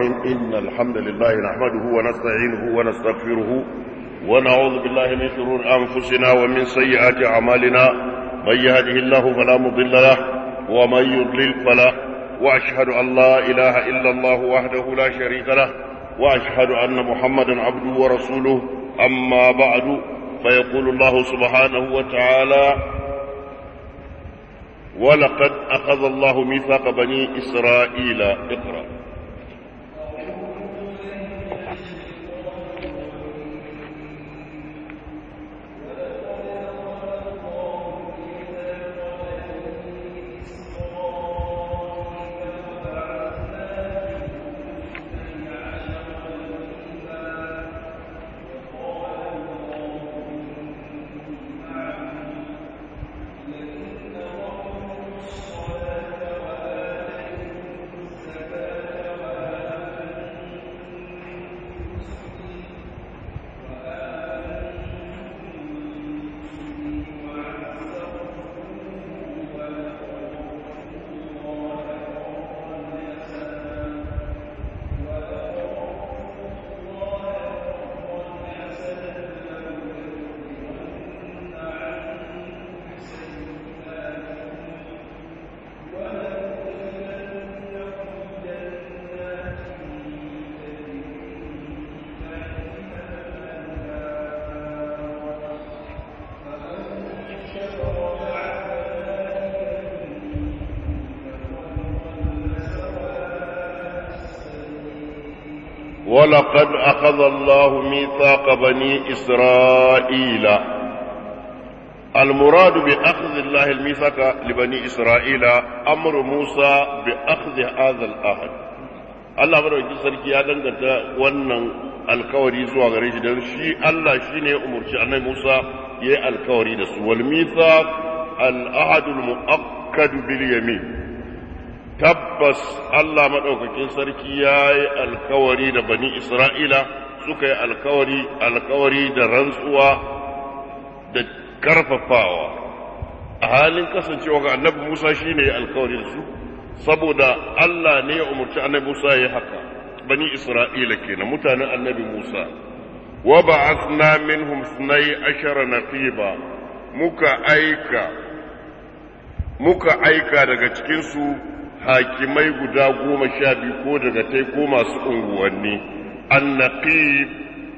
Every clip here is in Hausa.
الرحيم إن الحمد لله نحمده ونستعينه ونستغفره ونعوذ بالله من شرور أنفسنا ومن سيئات أعمالنا من يهده الله فلا مضل له ومن يضلل فلا وأشهد أن لا إله إلا الله وحده لا شريك له وأشهد أن محمدا عبده ورسوله أما بعد فيقول الله سبحانه وتعالى ولقد أخذ الله ميثاق بني إسرائيل اقرأ أخذ الله ميثاق بني إسرائيل المراد بأخذ الله الميثاق لبني إسرائيل أمر موسى بأخذ هذا الأهد الله مرة يسألك يا دنجة ونن alkawari zuwa gare shi don shi Allah shi ne umarci annabi Musa ya yi alkawari da su wal mithaq al tabbas Allah maɗaukakin sarki ya yi alkawari da bani Isra'ila suka yi alkawari alkawari da rantsuwa da karfafawa a halin kasancewa ga annabi Musa shi shine alkawarin su saboda Allah ne ya umarci annabi Musa ya haka bani Isra'ila kenan mutanen annabi Musa wa ba'athna minhum ashara naqiba muka aika muka aika daga cikin su hakimai guda goma sha biyu ko daga tai ko masu unguwanni annaqib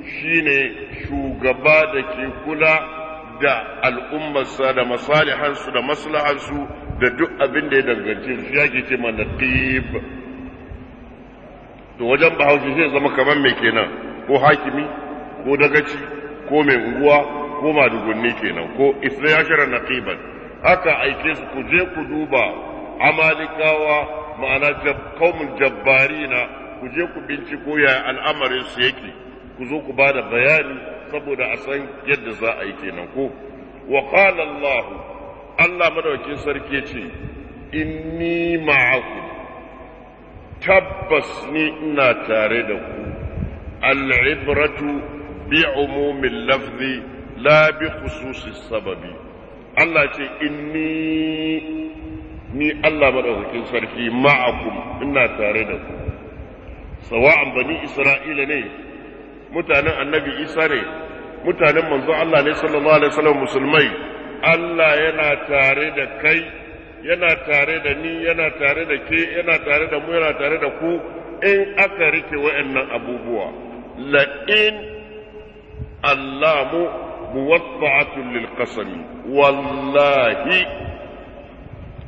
shine shugaba da ke kula da al'ummarsa da masalihansu da maslahansu da duk abin da ya danganci shi yake ce manaqib to wajen bahaushe zai zama kamar mai kenan ko hakimi ko dagaci ko mai unguwa ko madugunni kenan ko isra yashara naqiban haka aike su ku je ku duba amalikawa ma'ana kaumun jabbarina ku je ku binciko ya al'amarin su yake ku zo ku bada bayani saboda a san yadda za a yi kenan ko wa qala Allah Allah sarki ce inni ma'akum tabbas ni ina tare da ku al'ibratu bi umumin lafzi la bi khususi sababi Allah ce inni ni Allah madaukakin sarki ma'akum ina tare da ku sawa'an bani isra'ila ne mutanen annabi isa ne mutanen manzo Allah ne sallallahu alaihi wasallam musulmai Allah yana tare da kai yana tare da ni yana tare da ke yana tare da mu yana tare da ku in aka rike wa'annan abubuwa la in allamu muwaffa'atun lil qasami wallahi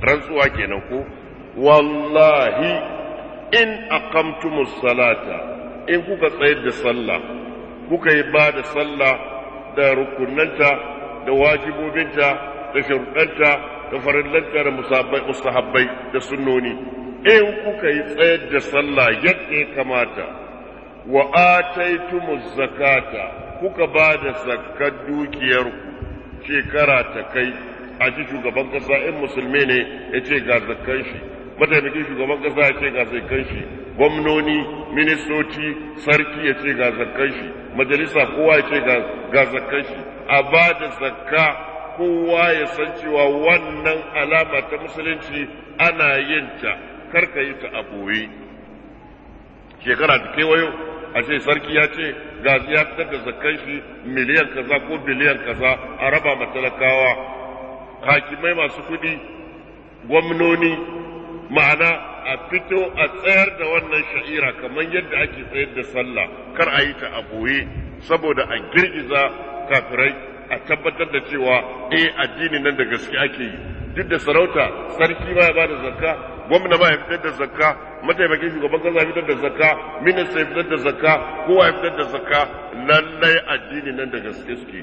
rantsuwa kenan ko wallahi in aqamtumus salata in kuka tsayar da sallah kuka yi ba da sallah da rukunanta da wajibobinta da sharuɗanta da farillanta da mustahabbai da sunnoni in kuka yi tsayar da sallah yadda ya kamata wa ataitumuz zakata kuka ba da zakkar dukiyarku shekara ta kai a ji shugaban ƙasa in musulmi ne ya ce ga zakkan shi mataimakin shugaban kasa ya ce ga zakan shi gwamnoni ministoci sarki ya ce ga zakan shi majalisa kowa ya ce ga zakan shi a ba da zakka kowa ya san cewa wannan alama ta musulunci ana yin ta karka yi ta a boye shekara ta kewayo a ce sarki ya ce ga ya fitar da zakkan shi miliyan kaza ko biliyan kaza a raba matalakawa hakimai masu kuɗi gwamnoni ma'ana a fito a tsayar da wannan sha'ira kamar yadda ake tsayar da sallah kar a yi ta a boye saboda a girgiza kafirai a tabbatar da cewa eh addini nan da gaske ake yi duk da sarauta sarki ba ya bada zakka gwamna ba ya fitar da zakka mataimakin shugaban kasa ya fitar da zakka minista ya fitar da zakka kowa ya fitar da zakka lallai addini nan da gaske suke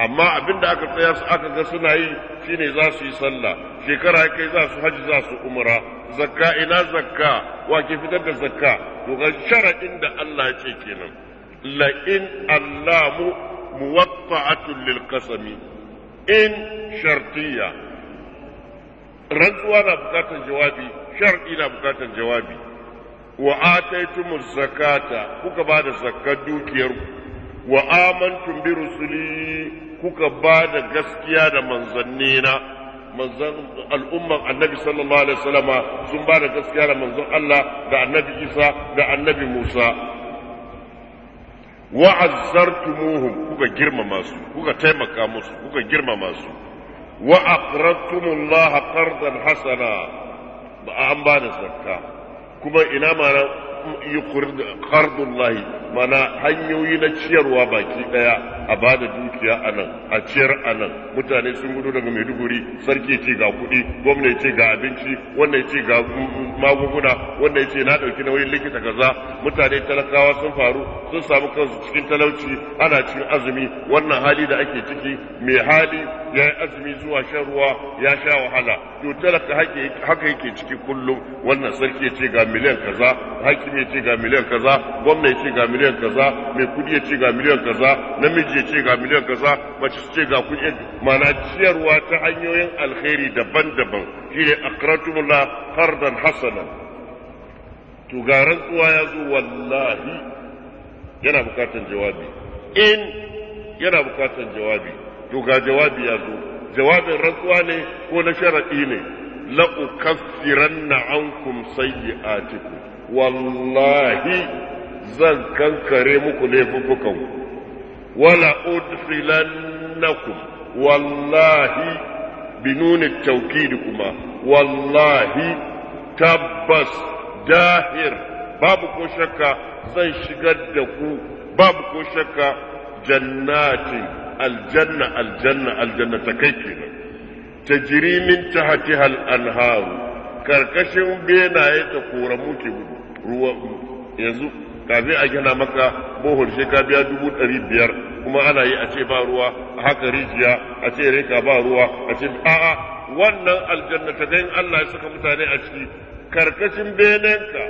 amma abin da aka tsaya su aka ga suna yi shine za su yi sallah shekara ya kai za su haji za su umra zakka ina zakka wa ke fitar da zakka to ga sharadin da Allah ya ce kenan la in allamu muwatta'atun lil qasami in shartiya rantsuwa na bukatar jawabi shar'i na bukatar jawabi wa ataitumuz zakata kuka ba da zakkar dukiyarku wa amantum bi rusuli kuka ba da gaskiya da manzannina manzon al'umman annabi sallallahu alaihi wasallama sun ba da gaskiya da manzon Allah da annabi Isa da annabi Musa wa azzartumuhum kuka girmama su kuka taimaka musu kuka girmama su wa aqradtumullah qardan hasana ba an ba da zakka kuma ina ma yuqrid qardullahi mana hanyoyi na ciyarwa baki daya a bada dukiya a nan a ciyar a nan mutane sun gudu daga maiduguri sarki ce ga kuɗi gwamna ce ga abinci wannan ce ga magunguna wannan ce na ɗauki nauyin likita kaza mutane talakawa sun faru sun samu kansu cikin talauci ana cikin azumi wannan hali da ake ciki mai hali ya yi azumi zuwa shan ruwa ya sha wahala to talaka haka yake ciki kullum wannan sarki ce ga miliyan kaza hakimi ce ga miliyan kaza gwamna ce ga miliyan kaza mai kudi ya ce ga miliyan kaza namiji ya ce ga miliyan kaza mace su ce ga kudi mana ciyarwa ta hanyoyin alkhairi daban-daban shine aqratumullah qardan hasanan to ga rantsuwa ya zo wallahi yana bukatan jawabi in yana bukatan jawabi to ga jawabi ya zo jawabin rantsuwa ne ko na sharaɗi ne la ukaffiranna ankum sayyi'atikum wallahi zan kankare muku ku. wala nakum wallahi binuni tawkid kuma wallahi tabbas dahir babu ko shakka zan shigar da ku babu ko shakka jannati aljanna aljanna aljanna ta kai Ta tajri min tahtiha al-anharu karkashin benaye ta kora ke ruwa yanzu kafin a gina maka bohol sai ka biya dubu ɗari biyar kuma ana yi a ce ba ruwa a haka rijiya a ce reka ba ruwa a ce a'a wannan aljanna ta gani Allah ya saka mutane a ciki karkashin benenka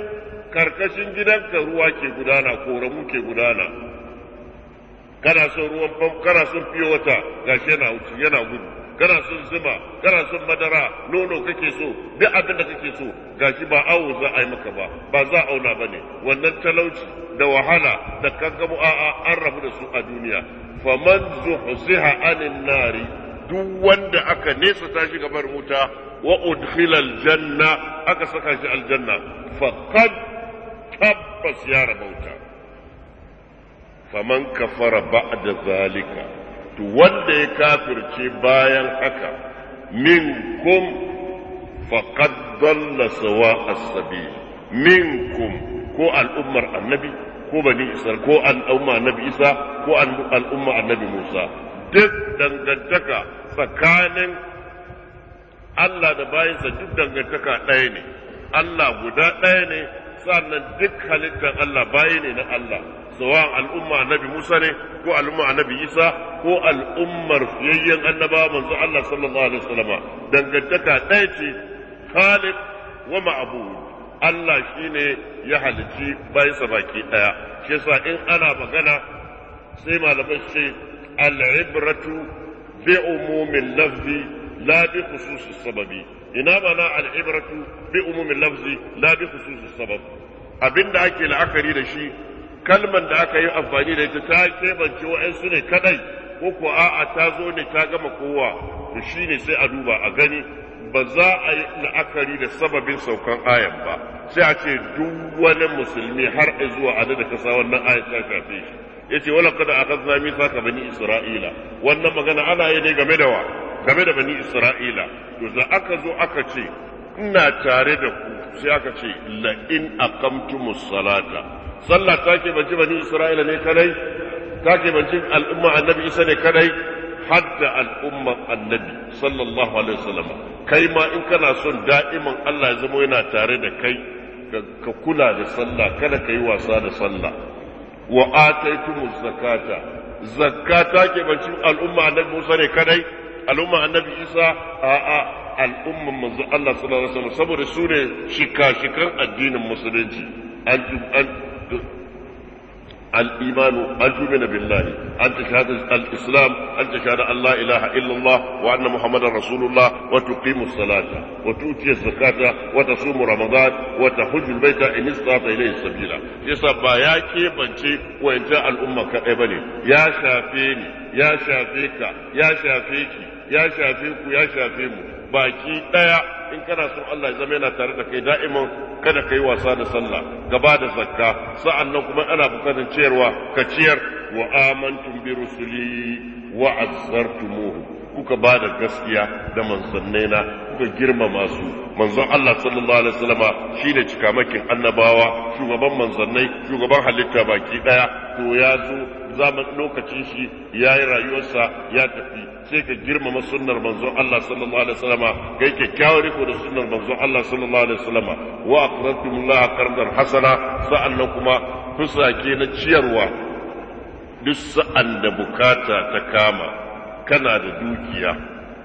karkashin gidanka ruwa ke gudana ramu ke gudana kana son ruwan kana son fiye wata gashi yana wuce yana gudu kana son zuma kana son madara nono kake so duk abin da kake so gashi ba awo za a yi maka ba ba za a auna ba ne wannan talauci da wahala da kankamu a'a an rabu da su a duniya faman zuhziha anin nari duk wanda aka nesa ta shi gabar wuta wa udkhila aljanna aka saka shi aljanna faqad tabbas ya rabauta faman kafara ba'da zalika to wanda ya kafirce bayan haka minkum faqad dalla sawa as min kum ko al'ummar annabi ko bani isar ko al'umma annabi isa ko al'umma annabi musa duk dangantaka tsakanin Allah da bayansa duk dangantaka ɗaya ne Allah guda ɗaya ne sannan duk halittar Allah bayi ne na Allah sawa al'umma annabi Musa ne ko al'umma annabi Isa ko al'ummar yayyen annaba manzo Allah sallallahu alaihi wasallama dangantaka ɗaya ce Khalid wa ma'bud Allah shine ya halici bai baki ɗaya shi yasa in ana magana sai malamai ce al'ibratu bi umumin lafzi la bi khususis sababi ina mana al'ibratu bi umumin lafzi la bi khususis sabab abinda ake la'akari da shi kalman da aka yi amfani da ita ta keɓance wa'ansu ne kadai ko ko a'a ta zo ne ta gama kowa to shi ne sai a duba a gani ba za a yi la'akari da sababin saukan ayan ba sai a ce duk wani musulmi har zuwa adada kasa wannan ayan ta shafe shi yace wala kada akhadna ka bani isra'ila wannan magana ana yi ne game da wa game da bani isra'ila to da aka zo aka ce ina tare da ku sai aka ce la in aqamtumus salata sallah ta ke banci bani isra'ila ne kadai ta ke banci al'umma annabi isa ne kadai hadda al'umma annabi sallallahu alaihi wasallam kai ma in kana son da'iman Allah ya zama yana tare da kai ka kula da sallah kada ka yi wasa da sallah wa ataitumuz zakata zakata ke banci al'umma annabi Musa ne kadai al'umma annabi Isa a'a al'umman manzo Allah sallallahu alaihi wasallam saboda su ne shika-shikan addinin musulunci an الإيمان أن تؤمن بالله أن تشهد الإسلام أن تشهد أن لا إله إلا الله وأن محمدا رسول الله وتقيم الصلاة وتؤتي الزكاة وتصوم رمضان وتحج البيت إن استطعت إليه سبيلا يسبب يا كيبنتي وإن جاء الأمة كأبني يا شافيني يا شافيك يا شافيك يا شافيك يا شافيك. baki daya in kana son Allah ya zama yana tare da kai da'iman kada ka yi wasa da sallah gaba da zakka sa'annan kuma ana bukatar ciyarwa ka ciyar wa amantum bi rusuli wa azzartumuhum kuka ba da gaskiya da manzannai na kuka girmama su manzon Allah sallallahu alaihi wasallam shine cikamakin annabawa shugaban manzannai shugaban halitta baki daya to ya zo zaman lokacin shi yayi rayuwarsa ya tafi sai ka girmama sunnar manzon Allah sallallahu alaihi wasallam kai kyakkyawar riko da sunnar manzon Allah sallallahu alaihi wasallam wa aqradtumullah qardan hasana sa'annan kuma fusake na ciyarwa duk sa'an da bukata ta kama kana da dukiya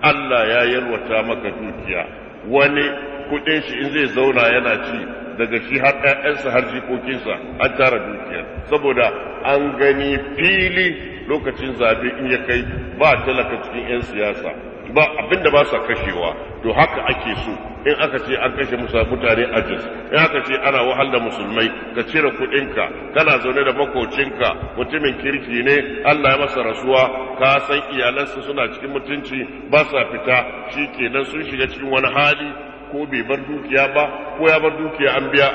Allah ya yarwata maka dukiya wani kudin shi in zai zauna yana ci daga shi har ɗayansa har jikokinsa an tara dukiya saboda an gani fili lokacin zabe in ya kai ba talaka cikin 'yan siyasa ba abinda ba sa kashewa to haka ake so in aka ce an kashe musa mutane a jins in aka ce ana wahal musulmai ka cire kuɗinka kana zaune da makocinka mutumin kirki ne Allah ya masa rasuwa ka san iyalansa suna cikin mutunci ba sa fita shi kenan sun shiga cikin wani hali ko bai bar dukiya ba ko ya bar dukiya an biya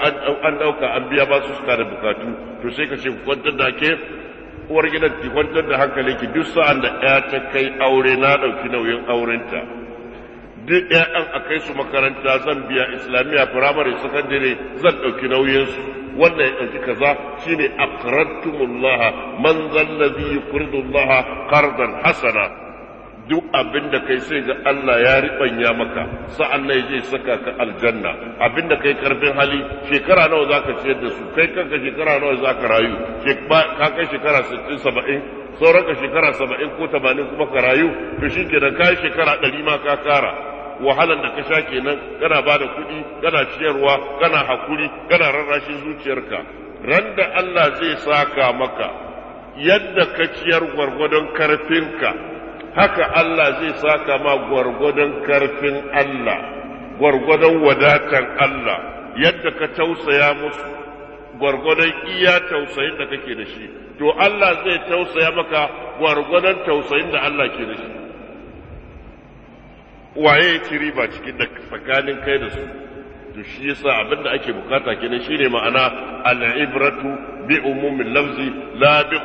an dauka an biya ba su suka da bukatu to sai ka ce kwantar da ke uwar gidan ki kwantar da hankali ki duk sa'an da ya ta kai aure na ɗauki nauyin aurenta duk ƴaƴan a kai su makaranta zan biya islamiyya firamare sakandare zan ɗauki nauyinsu wanda ya ɗauki kaza shine aqradtumullah man zallazi yuqridullaha qardan hasana duk abin da kai sai ga Allah ya riɓanya maka sa'an nan zai saka ka aljanna abin da kai karfin hali shekara nawa za ka ciyar da su kai kanka shekara nawa za ka rayu ka kai shekara sittin saba'in sauran ka shekara saba'in ko tamanin kuma ka rayu to shi kenan kai shekara ɗari ma ka kara wahalan da ka sha kenan kana ba da kuɗi kana ciyarwa kana hakuri kana rarrashin zuciyarka ran da Allah zai saka maka yadda ka ciyar gwargwadon karfinka haka Allah zai saka ma gwargwadon karfin Allah gwargwadon wadatan Allah yadda ka tausaya musu gwargwadon iya tausayin da kake da shi to Allah zai tausaya maka gwargwadon tausayin da Allah ke da shi waye ya ci riba cikin da tsakanin kai da su to shi yasa abin da ake bukata kenan shine ma'ana al-ibratu bi umumin lafzi la bi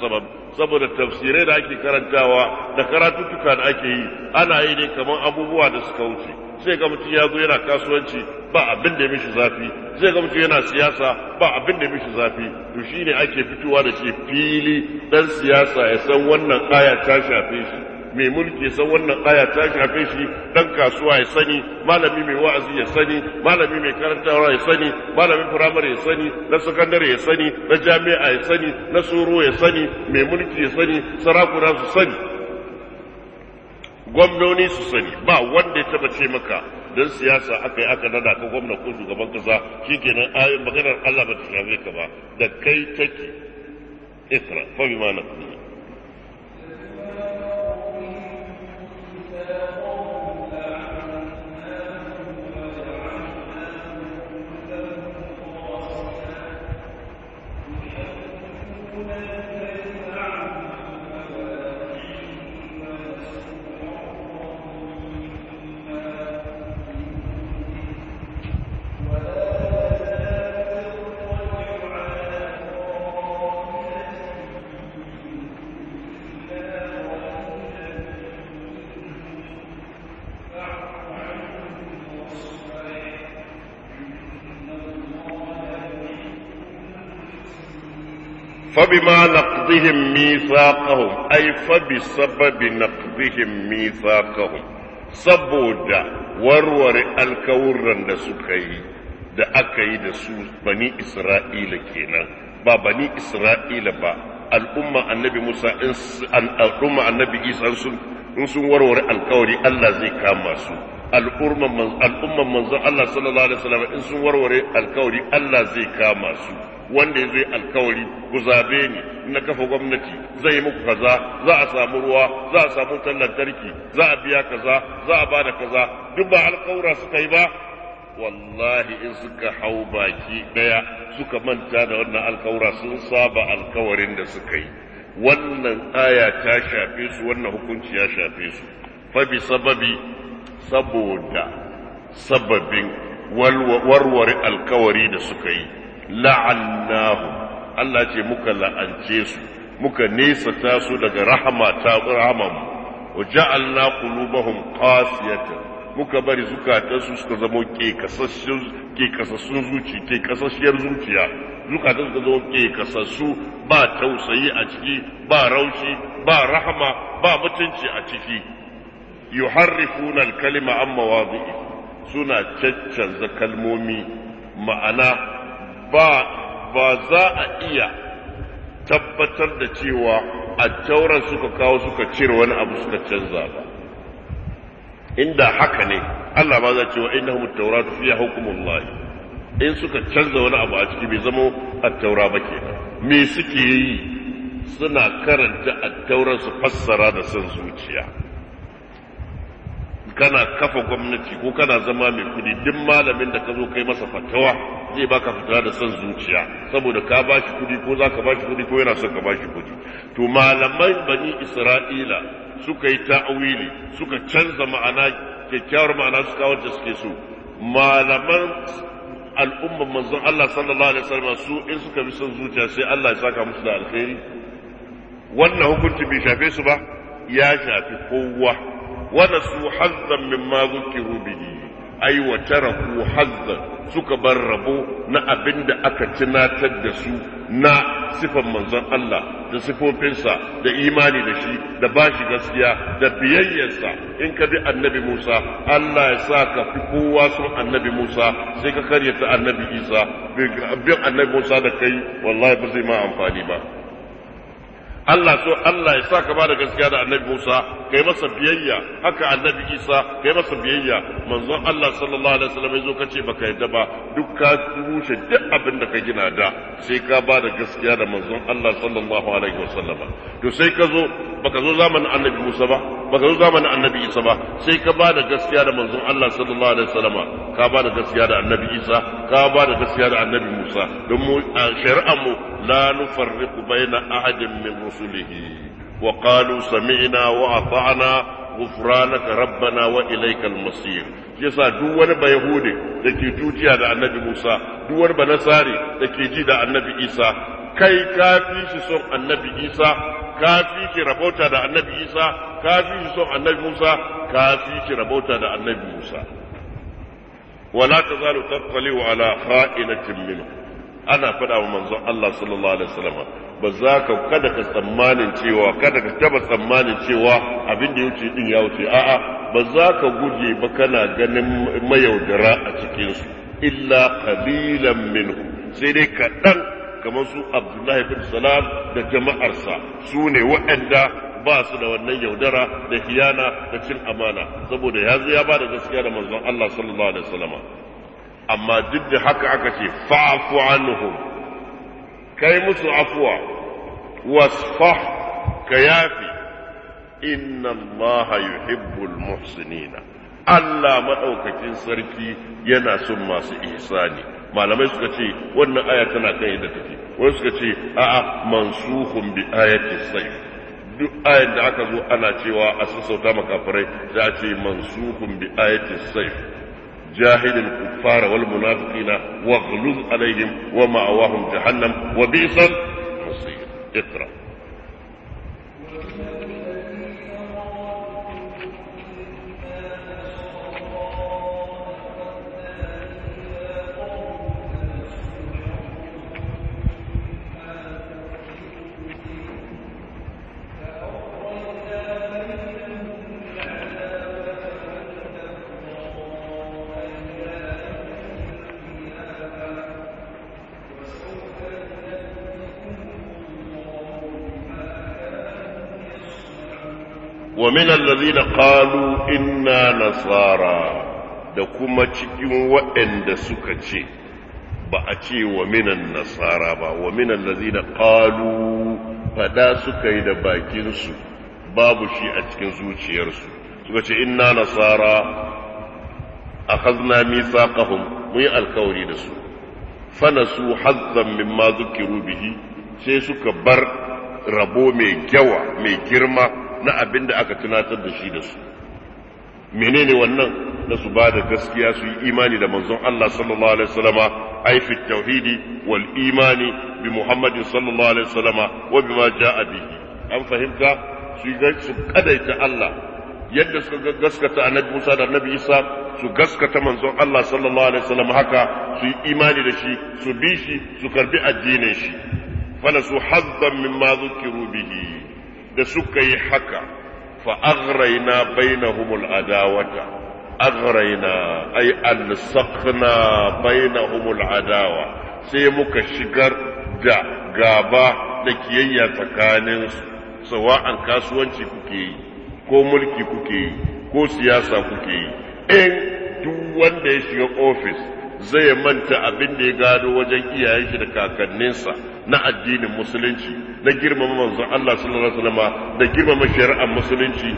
sabab saboda tafsirai da ake karantawa da karatutuka da ake yi ana yi ne kamar abubuwa da suka wuce sai ga mutum ya yana kasuwanci ba abin da ya mishi zafi sai ga mutum yana siyasa ba abin da ya mishi zafi to shine ake fitowa da shi fili dan siyasa ya san wannan aya ta shafe shi mai mulki ya san wannan aya ta shafe shi dan kasuwa ya sani malami mai wa'azi ya sani malami mai karantawa ya sani malami firamare ya sani na sakandare ya sani na jami'a ya sani na tsoro ya sani mai mulki ya sani sarakuna su sani gwamnoni su sani ba wanda ya taba ce maka don siyasa aka yi aka nada ka gwamna ko shugaban kasa shikenan ayin maganar Allah ba ta shafe ka ba da kai take ikra fa bi ma na فبما نقضهم ميثاقهم أي فبسبب نقضهم ميثاقهم saboda warware الكورن da suka yi da aka yi da su bani Isra'ila kenan ba bani Isra'ila ba al'umma annabi Musa Isa sun warware alkawari Allah zai kama su al'umman manzon Allah sallallahu alaihi wasallam in sun warware alkawari Allah zai kama su wanda zai alkawari ku zabe ni na kafa gwamnati zai yi muku kaza za a samu ruwa za a samu wutar lantarki za a biya kaza za a bada kaza duk ba alkawura suka yi ba wallahi in suka hau baki daya suka manta da wannan alkawura sun saba alkawarin da suka yi wannan aya ta shafe su wannan hukunci ya shafe su fa bi sababi saboda sababin warware alkawari da suka yi la'annahu Allah ce muka la'ance su muka nesa ta su daga rahama ta rahaman wa ja'alna qulubahum qasiyata muka bari zukatansu suka zama ke kasassun ke kasassun zuci ke kasassiyar zuciya zukatansu suka zama ke kasassu ba tausayi a ciki ba raushi ba rahama ba mutunci a ciki yuharrifuna al-kalima an mawadi'i suna caccanza kalmomi ma'ana ba za a iya tabbatar da cewa attauran suka kawo suka cire wani abu suka canza ba inda haka ne Allah ba za cewa innahum at-tauratu fiha hukmullah in suka canza wani abu a ciki bai zama at-taura ba kenan me suke yi suna karanta at-tauran fassara da son zuciya kana kafa gwamnati ko kana zama mai kudi duk malamin da ka zo kai masa fatawa zai baka fatawa da son zuciya saboda ka ba shi kudi ko za ka ba shi kudi ko yana son ka ba shi kudi to malaman bani isra'ila suka yi ta'awili suka canza ma'ana kyakkyawar ma'ana su kawo da suke so malaman al'umma manzon Allah sallallahu alaihi wasallam su in suka bi son zuciya sai Allah ya saka musu da alkhairi wannan hukunci bai shafe su ba ya shafi kowa ونسوا حظا مما ذكروا به أي وتركوا حظا suka bar rabo na abin da aka tunatar da su na sifan manzon Allah da sifofinsa da imani da shi da ba shi gaskiya da biyayyarsa in ka bi annabi Musa Allah ya sa ka fi kowa sun annabi Musa sai ka karyata annabi Isa bin annabi Musa da kai wallahi ba zai ma amfani ba Allah so Allah ya sa ka ba da gaskiya da annabi Musa kai masa biyayya haka annabi Isa kai masa biyayya manzon Allah sallallahu alaihi wasallam yazo kace baka yadda ba duk ka rushe duk abin da ka gina da sai ka ba da gaskiya da manzon Allah sallallahu alaihi wasallam to sai ka zo baka zo zamanin annabi Musa ba baka zo zamanin annabi Isa ba sai ka ba da gaskiya da manzon Allah sallallahu alaihi wasallam ka ba da gaskiya da annabi Isa ka ba da gaskiya da annabi Musa don mu shari'a mu la nufarriqu baina ahadin min rusulihi وقالوا سمعنا وأطعنا غفرانك ربنا وإليك المصير yasa duk wani bayahude da ke tujiya da annabi Musa duk wani banasari da ke ji da annabi Isa kai ka fi shi son annabi Isa ka fi shi rabauta da annabi Isa ka fi shi son annabi Musa ka fi shi rabauta da annabi Musa wala tazalu tattali'u ana faɗa wa manzon Allah sallallahu alaihi wasallam ba za ka kada ka tsammanin cewa kada ka taba tsammanin cewa abin da wuce din ya wuce a'a ba za ka guje ba kana ganin mayaudara a cikin su illa qalilan minhu sai dai kaɗan kamar su Abdullahi bin Salam da jama'arsa su ne waɗanda ba su da wannan yaudara da hiyana da cin amana saboda ya ya ba da gaskiya da manzon Allah sallallahu alaihi wasallam amma duk da haka aka ce fa'afu anhum kai musu afuwa wasfah ka yafi inna allaha yuhibbul muhsinina Allah maɗaukakin sarki yana son masu ihsani malamai suka ce wannan aya tana kan da take wani suka ce a'a mansuhun bi ayati sayf duk ayan da aka zo ana cewa a sassauta makafirai za a ce mansuhun bi ayati sayf جاهد الكفار والمنافقين واغلظ عليهم ومأواهم جهنم وبئس المصير اقرأ wa min allazina qalu nasara da kuma cikin waɗanda suka ce ba a ce wa minan nasara ba wa minan lazina qalu fada suka yi da bakinsu babu shi a cikin zuciyarsu suka ce inna nasara akhadna mithaqahum mun yi alkawari da su fanasu hazzan mimma zukiru bihi sai suka bar rabo mai kyawa mai girma na abin da aka tunatar da shi da su menene wannan na su ba da gaskiya su yi imani da manzon Allah sallallahu alaihi wasallama ai tauhidi wal imani bi Muhammadin sallallahu alaihi wasallama wa bima jaa bihi an fahimta su su kadaita Allah yadda suka gaskata annabi Musa da annabi Isa su gaskata manzon Allah sallallahu alaihi wasallam haka su yi imani da shi su bi shi su karbi addinin shi fala su hazzan mimma zukiru bihi da suka yi haka fa aghraina bainahumul adawata aghraina ay alsaqna bainahumul adawa sai muka shigar da gaba da kiyayya tsakanin su sawa'an kasuwanci kuke yi ko mulki kuke yi ko siyasa kuke yi in duk wanda ya shiga ofis zai manta abin da ya gado wajen iyayen shi da kakanninsa na addinin musulunci na girmama manzon Allah sallallahu alaihi wasallam da girmama shari'ar musulunci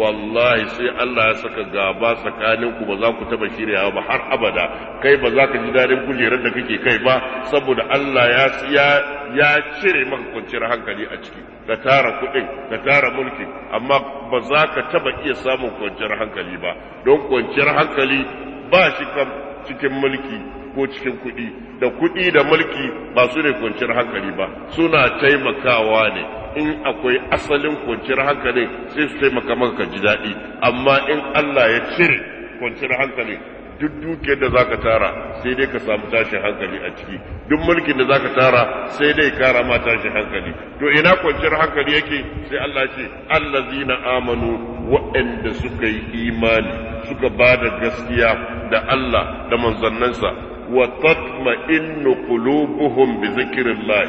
wallahi sai Allah ya saka gaba tsakanin ku ba za ku taba shiryawa ba har abada kai ba za ka ji dadin kujerar da kake kai ba saboda Allah ya ya cire maka kwanciyar hankali a ciki ka tara kuɗin ka tara mulki amma ba za ka taba iya samun kwanciyar hankali ba don kwanciyar hankali ba shi kan cikin mulki ko cikin kuɗi da kuɗi da mulki ba su ne kwanciyar hankali ba suna taimakawa ne in akwai asalin kwanciyar hankali sai su taimaka maka ka ji daɗi amma in Allah ya cire kwanciyar hankali duk dukiyar da zaka tara sai dai ka samu tashin hankali a ciki duk mulkin da zaka tara sai dai kara ma tashin hankali to ina kwanciyar hankali yake sai Allah ce allazina amanu waɗanda suka yi imani suka ba da gaskiya da Allah da manzannansa wa tatma'innu qulubuhum bi zikrillah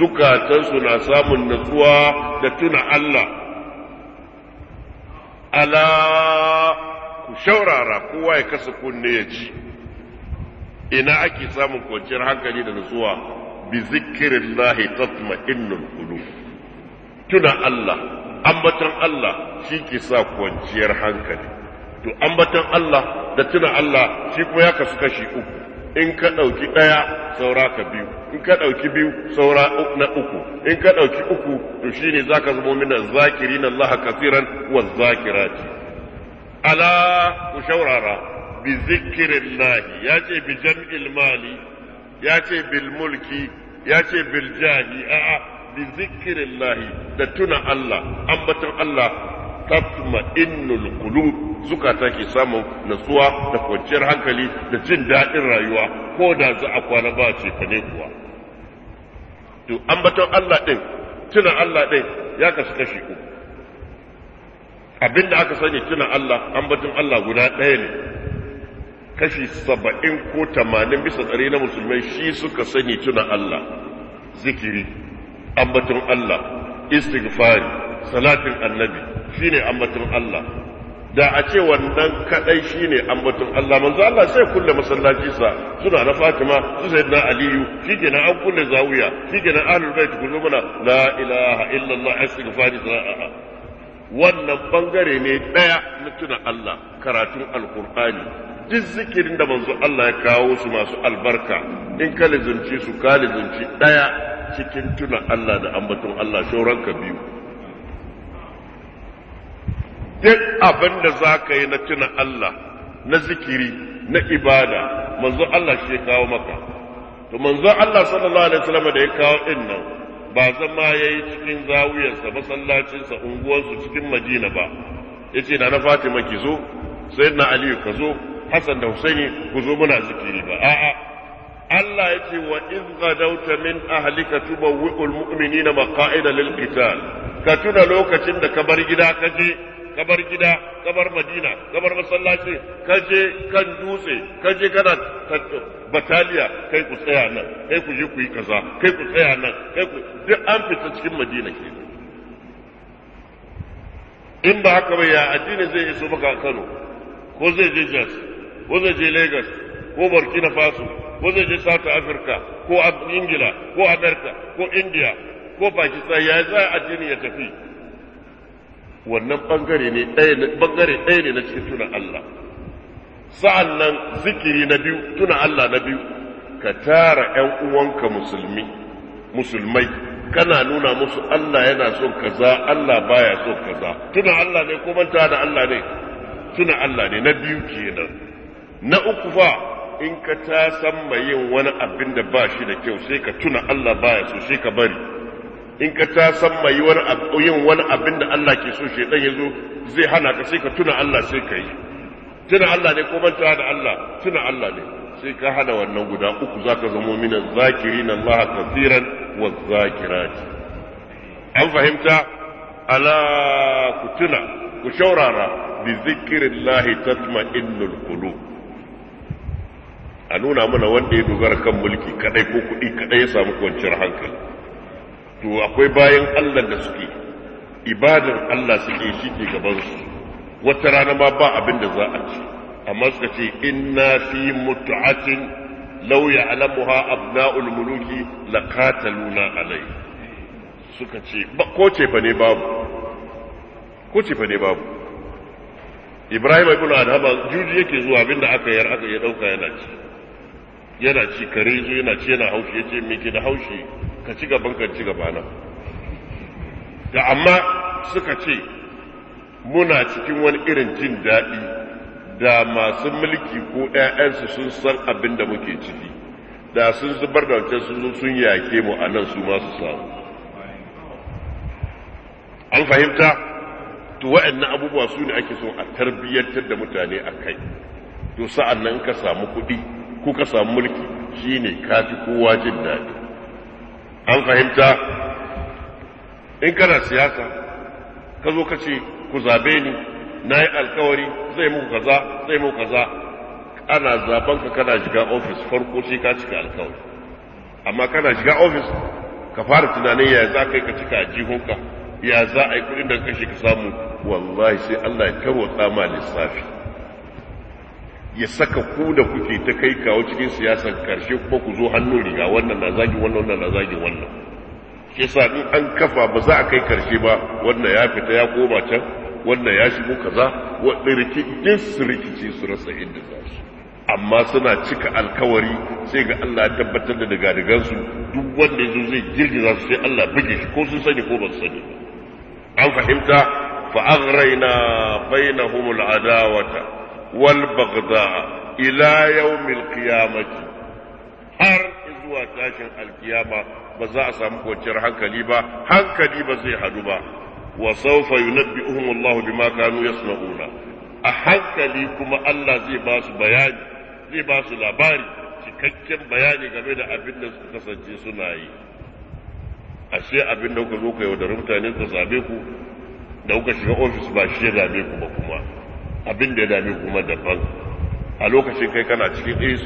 zukatansu na samun natsuwa da tuna Allah ala ku shaurara kowa ya kasa kunne ya ji ina ake samun kwanciyar hankali da nutsuwa bi zikirin lahi tatma'innul qulub tuna Allah ambatan Allah shi ke sa kwanciyar hankali to ambatan Allah da tuna Allah shi kuma ya kasu kashi uku in ka ɗauki ɗaya saura ka biyu in ka ɗauki biyu saura na uku in ka ɗauki uku to shine zaka zama mina na Allah kasiran wa zakirati ala ku bi zikirin lahi ya ce bi jam'il mali ya ce bil mulki ya ce bil jahi a'a bi zikirin da tuna Allah ambatan Allah tatma innul qulub zukata ke samun natsuwa da kwanciyar hankali da jin daɗin rayuwa ko da za a kwana ba ce fa ne kuwa to ambatan Allah din tuna Allah din ya kasu kashi uku abinda aka sani tuna Allah ambaton Allah guda ɗaya ne kashi saba'in ko tamanin bisa tsari na musulmai shi suka sani tuna Allah zikiri ambaton Allah istighfari salatin annabi shine ambaton Allah da a ce wannan kadai shine ambaton Allah manzo Allah sai kulle masallaci sa suna na Fatima su na Aliyu shikenan an kulle zawiya shikenan ahlul bait kullu mana, la ilaha illallah istighfari sala'a wannan bangare ne ɗaya na tuna Allah karatun alkur'ani duk zikirin da manzo Allah ya kawo su masu albarka in ka lizunci su ka lizunci ɗaya cikin tuna Allah da ambaton Allah shauranka biyu duk abin da za ka yi na tuna Allah na zikiri na ibada manzo Allah shi ya kawo maka to manzo Allah sallallahu alaihi wasallam da ya kawo din nan ba zama ya yi cikin zawuyarsa masallacinsa unguwarsu cikin madina ba ya ce na na fatima ki zo sai na aliyu ka zo hassan da husaini ku zo muna zikiri ba a'a Allah ya ce wa in gadauta min ahlika tubawwi'ul mu'minina maqa'ida lil qital ka tuna lokacin da ka bar gida ka je kabar gida kabar madina ka masallaci ka kan dutse ka je kana bataliya kai ku tsaya nan kai ku je ku yi kaza kai ku tsaya nan kai ku duk an fita cikin madina ke in ba haka ba ya addini zai iso maka Kano ko zai je Jos ko zai je Lagos ko Burkina Faso ko zai je South Africa ko Ingila ko America ko India ko Pakistan ya za addini ya tafi wannan bangare ne ɗaya bangare ɗaya ne na cikin tuna Allah sa'an nan zikiri na biyu tuna Allah na biyu ka tara ‘yan uwanka musulmi musulmai kana nuna musu Allah yana son kaza Allah baya son kaza tuna Allah ne ko manta da Allah ne tuna Allah ne na biyu kenan na uku fa in ka ta san mai yin wani abin da ba shi da kyau sai ka tuna Allah baya so sai ka bari in ka ta san mai yin wani abin da Allah ke so shi ya zo zai hana ka sai ka tuna Allah sai ka yi tuna Allah ne ko manta da Allah tuna Allah ne sai ka hada wannan guda uku za ka zamo minan na Allah kasiran wa zakirati an fahimta ala ku tuna ku shaurara bi zikirin lahi tatma innul kulu a nuna mana wanda ya dogara kan mulki kadai ko kuɗi kadai ya samu kwanciyar hankali to akwai bayan Allah da suke ibadar Allah suke shi ke gabansu wata rana ma ba abin da za a ci amma suka ce inna fi mutu'atin law ya'lamuha abna'ul muluki laqataluna alai suka ce ba ko ce fa ne babu ko ce fa ne babu Ibrahim ibn Adham juji yake zuwa abinda aka yar aka ya dauka yana ci yana ci kare zo yana ci yana haushi yace me ke da haushi ka ci gaban ka ci gaba nan da amma suka ce muna cikin wani irin jin daɗi da masu mulki ko ‘ya'yansu sun san abin da muke ciki da sun zubar da wancan sun sun yake mu a nan su masu samu an fahimta to wa'annan abubuwa su ne ake so a tarbiyyantar da mutane a kai to sa'an nan ka samu kuɗi ko ka samu mulki shine kafi kowa jin daɗi an fahimta in kana siyasa ka zo ka ce ku zabe ni na yi alkawari zai muku kaza zai muku kaza ana zaben ka kana shiga ofis farko sai ka cika alkawari amma kana shiga ofis ka fara tunanin ya za ka yi ka cika jihunka ya za a yi kudin da kashe ka samu wallahi sai Allah ya tarwatsa ma lissafi ya saka ku da kuke ta kai kawo cikin siyasar karshe kuma ku zo hannun riga wannan na zagi wannan na zagi wannan shi yasa in an kafa ba za a kai karshe ba wannan ya fita ya koma can wannan ya shigo kaza wannan rikici su rikici su rasa inda za su amma suna cika alkawari sai ga Allah ya tabbatar da daga su duk wanda yazo zai girgiza su sai Allah buge shi ko sun sani ko ba su sani an fahimta fa aghraina bainahum al'adawata wal bagda ila yawmil har zuwa tashin alkiyama ba za a samu kwanciyar hankali ba hankali ba zai hadu ba wa sawfa yunabbi'uhum Allah bima kanu yasna'una a hankali kuma Allah zai ba su bayani zai ba su labari cikakken bayani game da abin da suka kasance suna yi ashe abin da kuka zo ka yaudari mutane suka zabe ku da kuka shiga ofis ba shi ya zabe ku ba kuma abin da ya dame kuma daban a lokacin kai kana cikin AC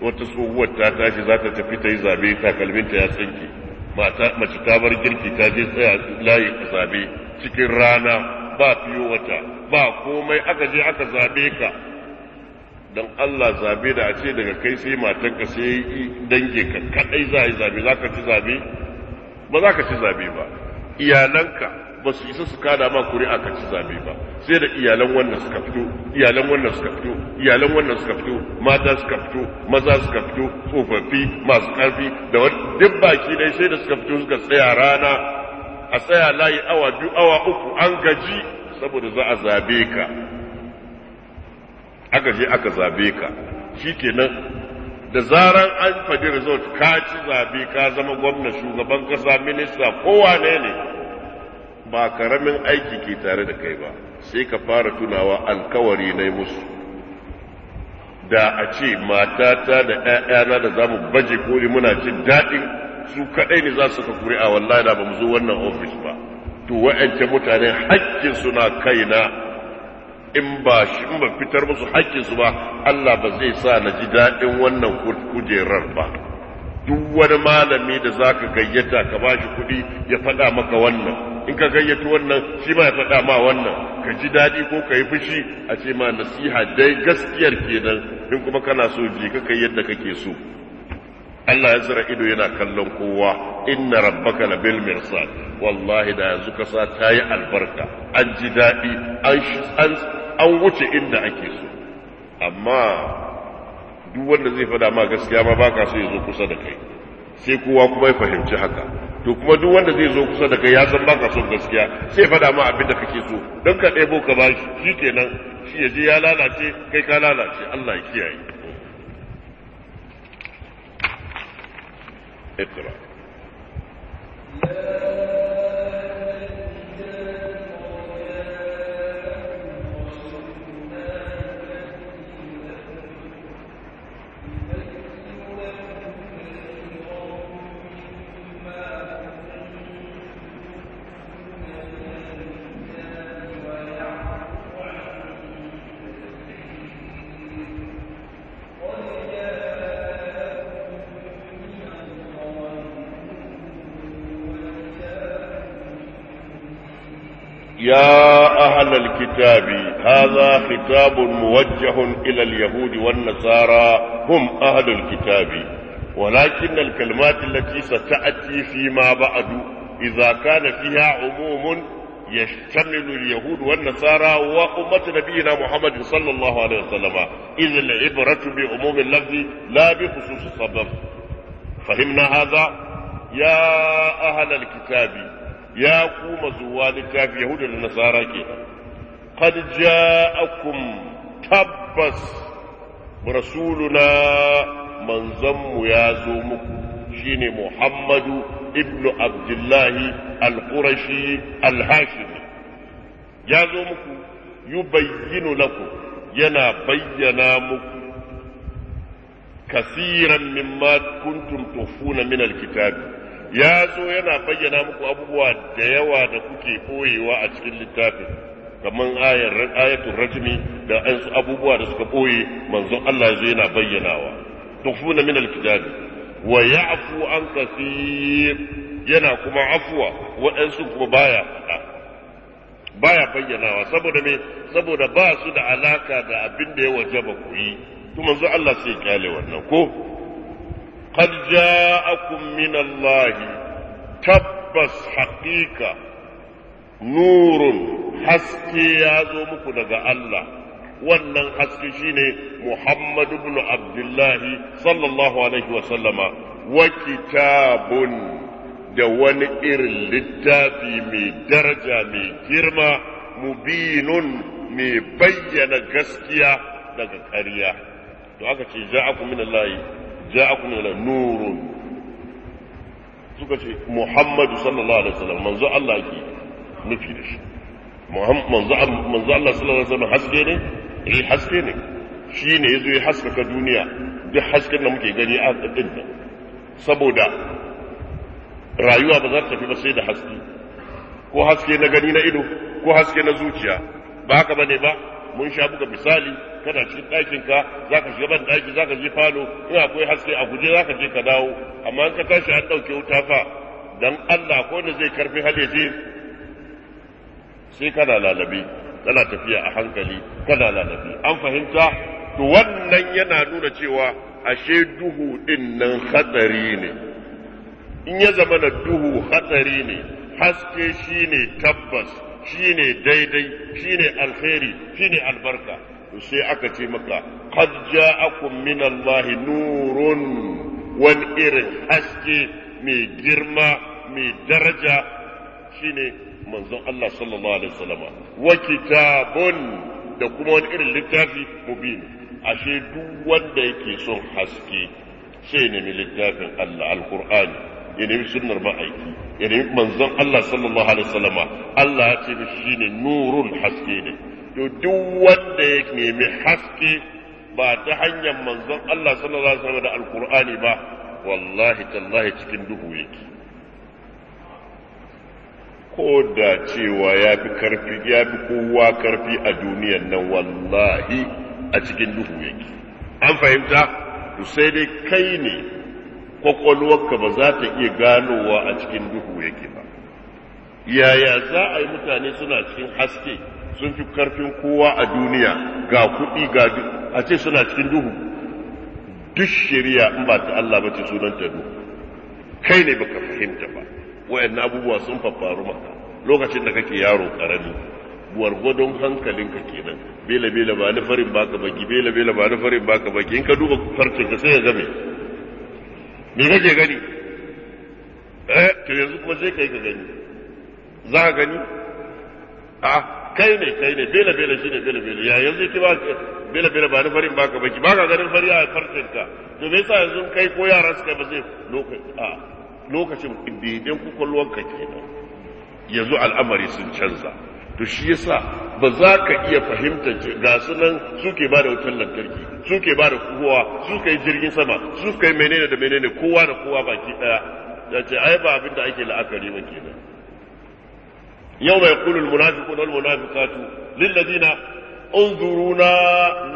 wata tsohuwar ta tashi za ta tafi ta yi zabe takalminta ya tsinke mace ta bar girki ta je tsaya layi a zabe cikin rana ba fiyo wata ba komai aka je aka zabe ka don Allah zabe da a ce daga kai sai matanka sai dange ka kadai za a yi zabe za ka ci zabe ba za ka ci zabe ba iyalanka ba su isa su kada ma kuri ka ci zabe ba sai da iyalan wannan suka fito iyalan wannan suka fito iyalan wannan suka fito mata suka fito maza suka fito tsofaffi masu karfi da duk baki dai sai da suka fito suka tsaya rana a tsaya layi awa biyu awa uku an gaji saboda za a zabe ka aka je aka zabe ka shi shikenan da zaran an faɗi result ka ci zabe ka zama gwamna shugaban kasa minista kowa ne ne ba karamin aiki ke tare da kai ba sai ka fara tunawa alkawari na musu da a ce matata da ‘ya'yana da za mu baje kori muna jin daɗin su kaɗai ne za su ka kuri a wallahi da ba mu zo wannan ofis ba to wa'yance mutane haƙƙin suna kaina in ba shi in ba fitar musu haƙƙinsu ba Allah ba zai sa na ji daɗin wannan kujerar ba duk wani malami da zaka gayyata ka ba shi kuɗi ya faɗa maka wannan in ka gayyato wannan shi ma ya faɗa ma wannan ka ji daɗi ko ka yi fushi a ce ma nasiha dai gaskiyar kenan in kuma kana so ji ka kai yadda kake so Allah ya zira ido yana kallon kowa inna rabbaka la bil mirsad wallahi da yanzu sa ta yi albarka an ji daɗi an an wuce inda ake so amma duk wanda zai faɗa ma gaskiya ma baka so ya zo kusa da kai sai kowa kuma ya fahimci haka to kuma duk wanda zai zo kusa daga kai ya san baka son gaskiya sai faɗa ma abin da kake so don ka ɗebo ka ba shi shi kenan shi ya je ya lalace kai ka lalace Allah ya kiyaye أهل الكتاب هذا خطاب موجه إلى اليهود والنصارى هم أهل الكتاب ولكن الكلمات التي ستأتي فيما بعد إذا كان فيها عموم يشتمل اليهود والنصارى وأمة نبينا محمد صلى الله عليه وسلم إذ العبرة بعموم اللفظ لا بخصوص السبب فهمنا هذا يا أهل الكتاب يا قوم زوال الكتاب يهود النصارى كيف قد جاءكم تبس rasuluna manzanmu ya zo muku shine muhammadu ibnu abdullahi al-qurashi al-hashimi ya zo muku yubayyinu lakum yana bayyana muku kasiran mimma kuntum tufuna min alkitabi ya zo yana bayyana muku abubuwa da yawa da kuke ɓoyewa a cikin littafin kamar ayar ayatul rajmi da ayansu abubuwa da suka boye manzon Allah yazo yana bayyanawa funa min alkitab wa ya'fu an kasir yana kuma afwa waɗansu kuma baya faɗa baya bayyanawa saboda me saboda ba su da alaka da abin da ya wajaba ku yi to manzo Allah sai kyale wannan ko qad ja'akum min Allah tabbas haqiqa nurun haske ya zo muku daga Allah wannan haske shine Muhammadu ibn Abdullah sallallahu alaihi wa sallama wa kitabun da wani irin littafi mai daraja mai girma mubinun mai bayyana gaskiya daga ƙarya to aka ce ja'akum min Allah ja'akum min nurun suka ce Muhammadu sallallahu alaihi wa sallam manzo Allah ke nufi da shi manzo Allah sallallahu alaihi wasallam haske ne eh haske ne shi ne yazo ya haskaka duniya duk hasken da muke gani a din saboda rayuwa ba za ta tafi ba sai da haske ko haske na gani na ido ko haske na zuciya ba haka bane ba mun sha buga misali kana cikin ɗakin ka ka shiga ban ɗaki za je falo in akwai haske a guje zaka je ka dawo amma in ka tashi an ɗauke wuta fa dan Allah ko ne zai karfi hali sai kana lalabe kana tafiya a hankali kana lalabe an fahimta to wannan yana nuna cewa ashe duhu din nan hatsari ne in ya zama na duhu hatsari ne haske shi ne tabbas shi ne daidai shi ne alheri shi ne albarka to sai aka ce maka qad ja'akum min allahi nurun wani irin haske mai girma mai daraja shi ne. manzon Allah sallallahu alaihi wasallam wa kitabun da kuma wani irin littafi mubin ashe duk wanda yake son haske sai nemi littafin Allah alqur'ani ya nemi sunnar ma'aiki ya nemi manzon Allah sallallahu alaihi wasallam Allah ya ce shine nurun haske ne to duk wanda ya nemi haske ba ta hanyar manzon Allah sallallahu alaihi wasallam da alqur'ani ba wallahi tallahi cikin duhu yake ko da cewa ya fi karfi ya fi kowa karfi a duniyan nan wallahi a cikin duhu yake an fahimta to sai dai kai ne kwakwalwarka ba za ta iya ganowa a cikin duhu yake ba yaya za a yi mutane suna cikin haske sun fi karfin kowa a duniya ga kuɗi ga a ce suna cikin duhu duk shari'a in ba ta Allah ba ce sunanta duhu kai ne baka fahimta ba wayannan abubuwa sun faffaru maka lokacin da kake yaro karami buwar gwargwadon hankalinka kenan bela bela ba na farin baka baki bela bela ba na farin baka baki in ka duba farcin ka sai ya game me kake gani eh to yanzu kuma sai kai ka gani za ka gani a kai ne kai ne bela bela ne bela bela ya yanzu ki ba bela bela ba na farin baka baki ka ganin fari a farcin ka to me yasa yanzu kai ko yara suka ba zai lokaci a lokacin daidai ke nan yanzu al'amari sun canza to shi yasa ba za ka iya fahimta ga su suke ba da wutar lantarki suke ba da kowa ka yi jirgin sama ka yi menene da menene kowa da kowa baki daya ya ce ai ba abin da ake la'akari ba kenan yau mai kulul munafiqun wal munafiqatu lil ladina unzuruna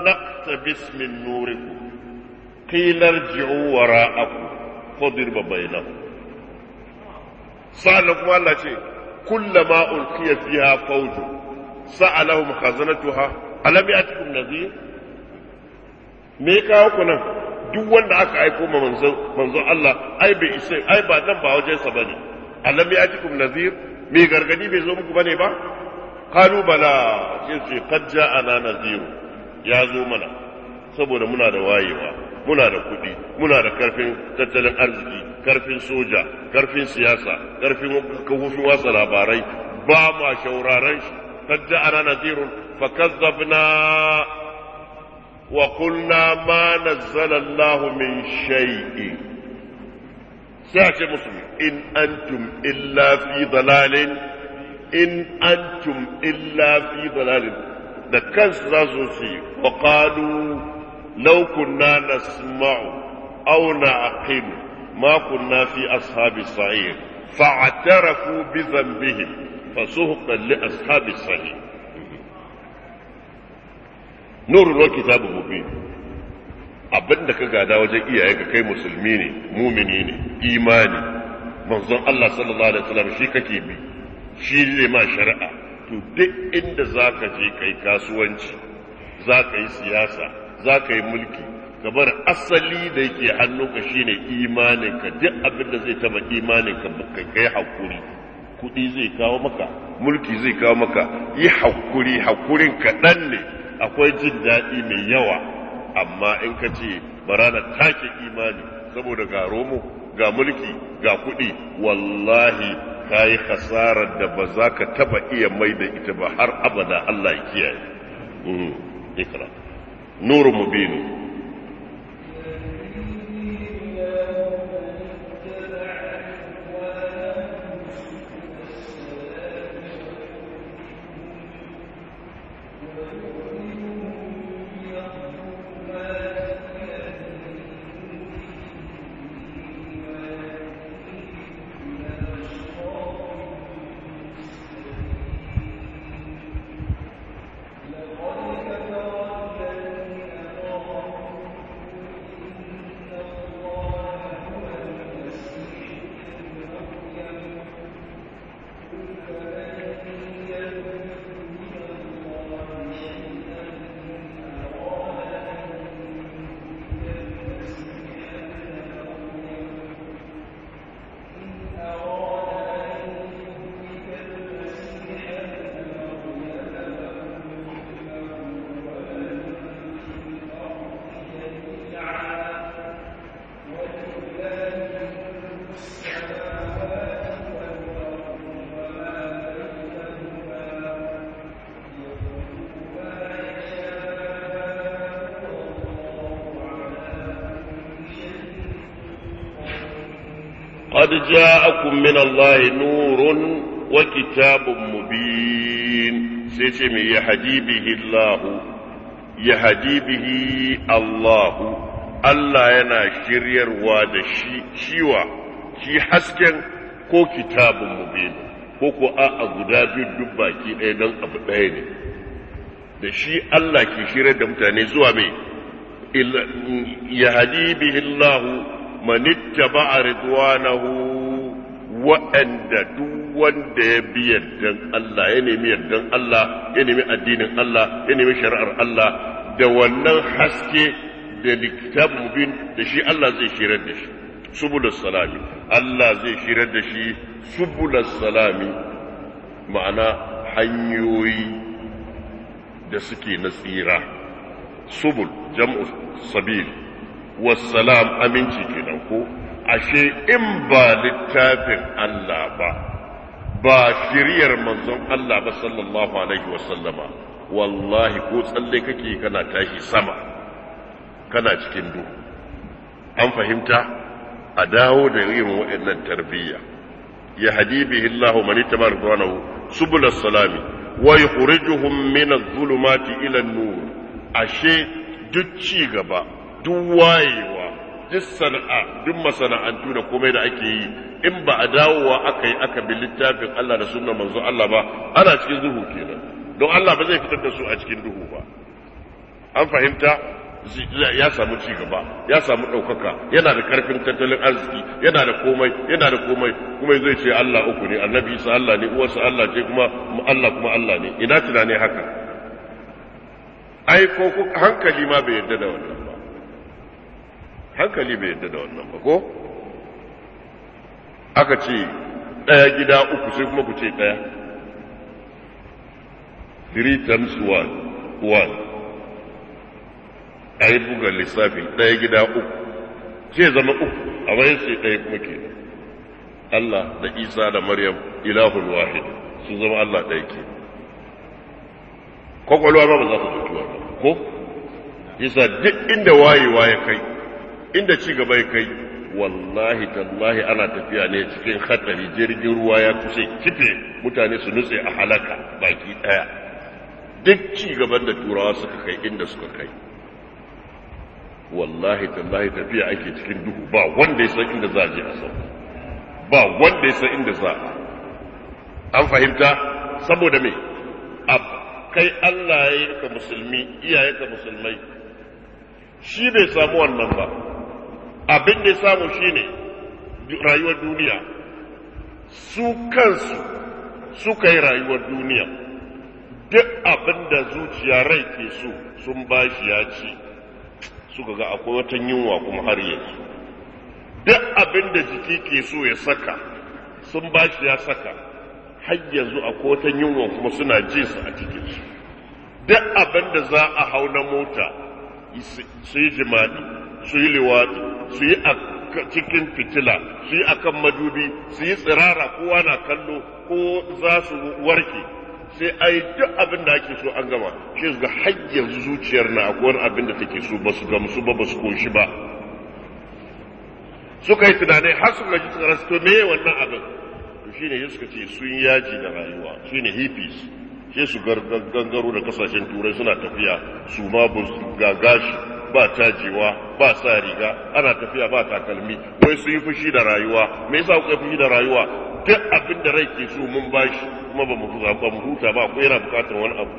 naqtabis min nurikum qila irji'u wara'akum fadrib bainahum sa'annan kuma Allah ce kullama ulqiya fiha fawju tuha, alami a cikin nazi, me kawo ku nan duk wanda aka aiko ma manzo Allah ai bai isa ai ba nan ba wajen sa bane a cikin nazi, me gargadi bai zo muku bane ba qalu bala sai ce kajja ana nadhir ya zo mana saboda muna da wayewa muna da kuɗi muna da karfin tattalin arziki karfin soja karfin siyasa karfin kawushin wasa labarai ba ma shauraran shi kadda ana fa kazzabna. wa qulna ma nazzala Allahu min shay'in sai ce musu in antum illa fi dalalin in antum illa fi dalalin da kansu za su ce wa qalu law kunna nasma'u aw na'qilu ما كنا في أصحاب الصعير فاعترفوا بذنبهم فسهقا لأصحاب الصعير نور وكتاب مبين abin da ka gada wajen iyaye ka kai musulmi ne mumini ne imani manzon Allah sallallahu alaihi wasallam shi kake bi shi ne ma shari'a to duk inda zaka je kai kasuwanci za ka yi siyasa za ka yi mulki gabar asali da yake hannunka shine imaninka duk abin da zai taba imaninka baka kai hakuri kuɗi zai kawo maka mulki zai kawo maka yi hakuri hakurin kaɗan ne akwai jin daɗi mai yawa amma in ka ce barana take imani saboda ga romo ga mulki ga kuɗi wallahi ka yi hasarar da ba za ka taba iya mai da ita ba har abada Allah ya kiyaye. Mm, ikra. Nuru mubinu. قد جاءكم من الله نور وكتاب مبين سيتم يهدي به الله يهدي به الله الله ينا شرير واد شي شيوا شي حسكن ko kitabun mubin ko ko a a guda biyu duk baki ɗaya don abu ɗaya ne da shi Allah ke shirar da mutane zuwa mai ya hadi bihi manittaba ridwanahu wa'anda duk wanda ya bi yardan Allah ya nemi yardan Allah ya nemi addinin Allah ya nemi shari'ar Allah da wannan haske da littafin mubin da shi Allah zai shirar da shi subulus salami Allah zai shirar da shi subulus salami ma'ana hanyoyi da suke na tsira subul jam'u sabil wassalam aminci kenan ko ashe in ba littafin Allah ba ba shiriyar manzon Allah ba sallallahu alaihi wasallama wallahi ko tsalle kake kana tashi sama kana cikin du. an fahimta a dawo da yin waɗannan tarbiyya ya hadibihi Allah man ittaba ridwanahu subul salami wa yukhrijuhum min adh-dhulumati ila an-nur ashe duk ci gaba duk wayewa duk sana'a duk masana'antu da komai da ake yi in ba a dawowa aka yi aka bi littafin Allah da sunnar manzo Allah ba ana cikin duhu kenan don Allah ba zai fitar da su a cikin duhu ba an fahimta ya samu ci gaba ya samu ɗaukaka yana da karfin tattalin arziki yana da komai yana da komai kuma zai ce Allah uku ne annabi sa Allah ne uwarsa Allah ce kuma Allah kuma Allah ne ina tunani haka ai ko hankali ma bai yarda da wannan hankali bai yadda da wannan ba ko aka ce ɗaya gida uku sai kuma ku ce ɗaya Three times one, one. a yi bugan lissafi ɗaya gida uku ce zama uku a bayan sai ɗaya kuma ke Allah da Isa da Maryam ilahun wahid sun zama Allah ɗaya ke kwakwalwa ba ba za ta tutuwa ba ko yasa duk inda wayewa ya kai inda ci gaba ya kai wallahi tallahi ana tafiya ne cikin hatsari jirgin ruwa ya kusa kife mutane su nutse a halaka baki daya duk ci gaban da turawa suka kai inda suka kai wallahi tallahi tafiya ake cikin duhu ba wanda ya san inda za a je a sauka ba wanda ya san inda za a an fahimta saboda me kai Allah ya yi ka musulmi iyaye ka musulmai shi bai samu wannan ba abin da ya samu ne rayuwar duniya su kansu suka yi rayuwar duniya duk abin da zuciya rai ke so sun ba shi ya ci suka ga akwai wata yunwa kuma har yanzu duk abin da jiki ke so ya saka sun ba shi ya saka har yanzu akwai wata yunwa kuma suna su a cikin su. duk abin da za a hau na mota su yi jimaɗi su yi liwaɗi su yi a cikin fitila su yi akan madubi su yi tsirara kowa na kallo ko za su warke sai a yi duk abin da ake so an gama shi ga hajjiyar zuciyar na akwai abin da take so ba su su ba ba su koshi ba suka yi tunanai har su gaji me wannan abin to shi ne suka ce sun yaji da rayuwa shine hippies sai su gangaro da kasashen turai suna tafiya su ma ba su gagashi ba cajewa ba sa riga ana tafiya ba takalmi wai su yi fushi da rayuwa me yasa kuka fushi da rayuwa duk abin da rai ke so mun bashi kuma ba mu huta ba mu huta ba ko yana bukatar wani abu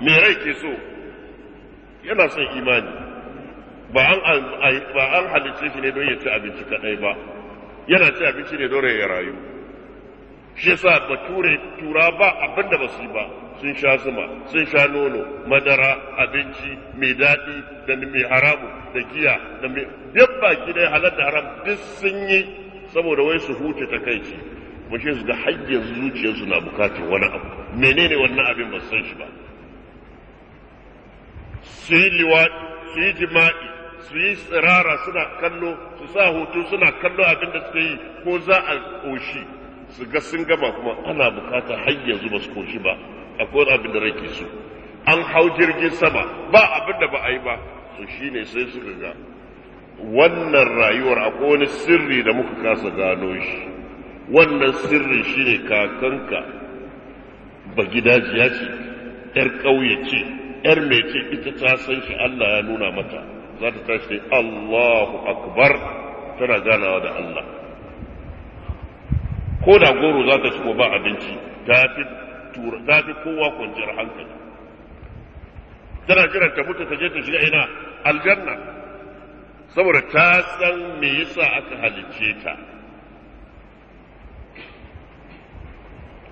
me rai ke so yana son imani ba an ba an halicce shi ne don ya ci abinci kadai ba yana ci abinci ne don ya rayu shi yasa bature tura ba abinda ba su yi ba sun sha zuma sun sha nono madara abinci mai daɗi da mai haramu da giya da mai duk ba ɗaya halar da haram duk sun yi saboda wai su huce ta kai ci mushe su ga hajjin zuciyarsu na bukatar wani abu menene wannan abin ba san shi ba su yi liwaɗi su yi jima'i su yi tsirara suna kallo su sa hoto suna kallo abin da suka yi ko za a ƙoshi su ga sun gama kuma ana bukata har yanzu ba su koshi ba akwai wani abin da rake su an hau jirgin sama ba abin da ba a yi ba su shine sai suka ga wannan rayuwar akwai wani sirri da muka kasa gano shi wannan sirri ne kakanka ba gidajiya ce yar ƙauye ce yar mai ce ita ta san shi Allah ya nuna mata za ta tashi Allahu akbar tana ganawa da Allah ko da goro za ta shigo ba abinci ta fi kowa kwanciyar hankali tana jiran ta mutu ta je ta shiga ina aljanna saboda ta san me yasa aka halicce ta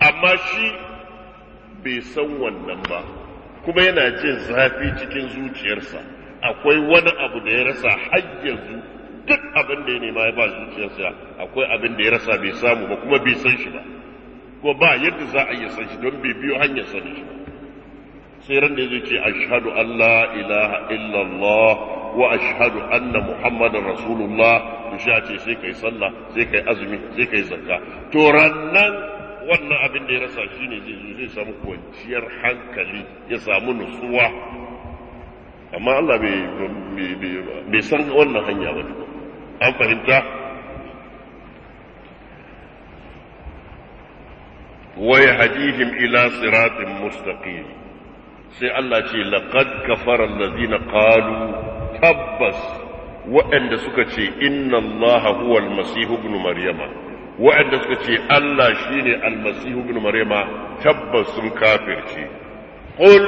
amma shi bai san wannan ba kuma yana jin zafi cikin zuciyarsa akwai wani abu da ya rasa har yanzu duk abin da ya nema ya ba zuciyarsa akwai abin da ya rasa bai samu ba kuma bai san shi ba ko ba yadda za a iya san shi don bai biyo hanyar sani shi ba sai ran da ya ce ashhadu an la ilaha illallah wa ashhadu anna muhammadan rasulullah to shi ce sai kai sallah sai kai azumi sai kai zakka to rannan wannan abin da ya rasa shi ne zai zai samu kwanciyar hankali ya samu nutsuwa amma Allah bai san wannan hanya ba an fahimta waya hadihim ila siratin mustaqim sai Allah ce laqad kafara allazina qalu tabbas waɗanda suka ce inna allaha huwa almasih ibn maryama waɗanda suka ce Allah shine almasih ibn maryama tabbas sun kafirce qul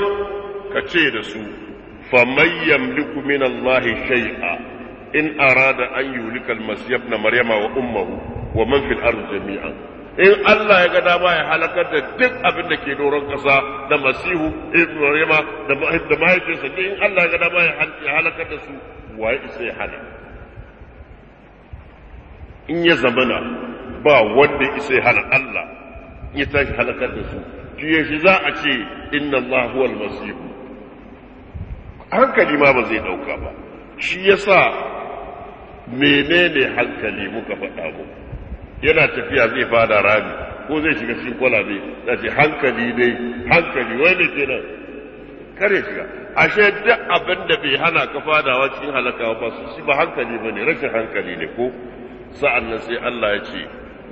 kace da su faman yamliku min allahi shay'a in arada an yulika almasih na maryama wa ummuhu wa man fil ardi jami'an in Allah ya ga dama ya halakar da duk abin da ke doron kasa da masihu ibn maryama da da mahaifinsa in Allah ya ga dama ya halakar da su waye ya hana in ya zamana ba wanda isa ya hana Allah ya tashi halakar da su kiyaye shi za a ce inna Allah huwal masihu hankali ma ba zai dauka ba shi yasa menene hankali muka faɗa mu yana tafiya zai fada rami ko zai shiga cikin kwalabe za ce hankali ne hankali wai ne nan kare shiga ashe duk abin da bai hana ka fadawa cikin halaka ba su shi ba hankali ba ne rashin hankali ne ko sa'an nan sai Allah ya ce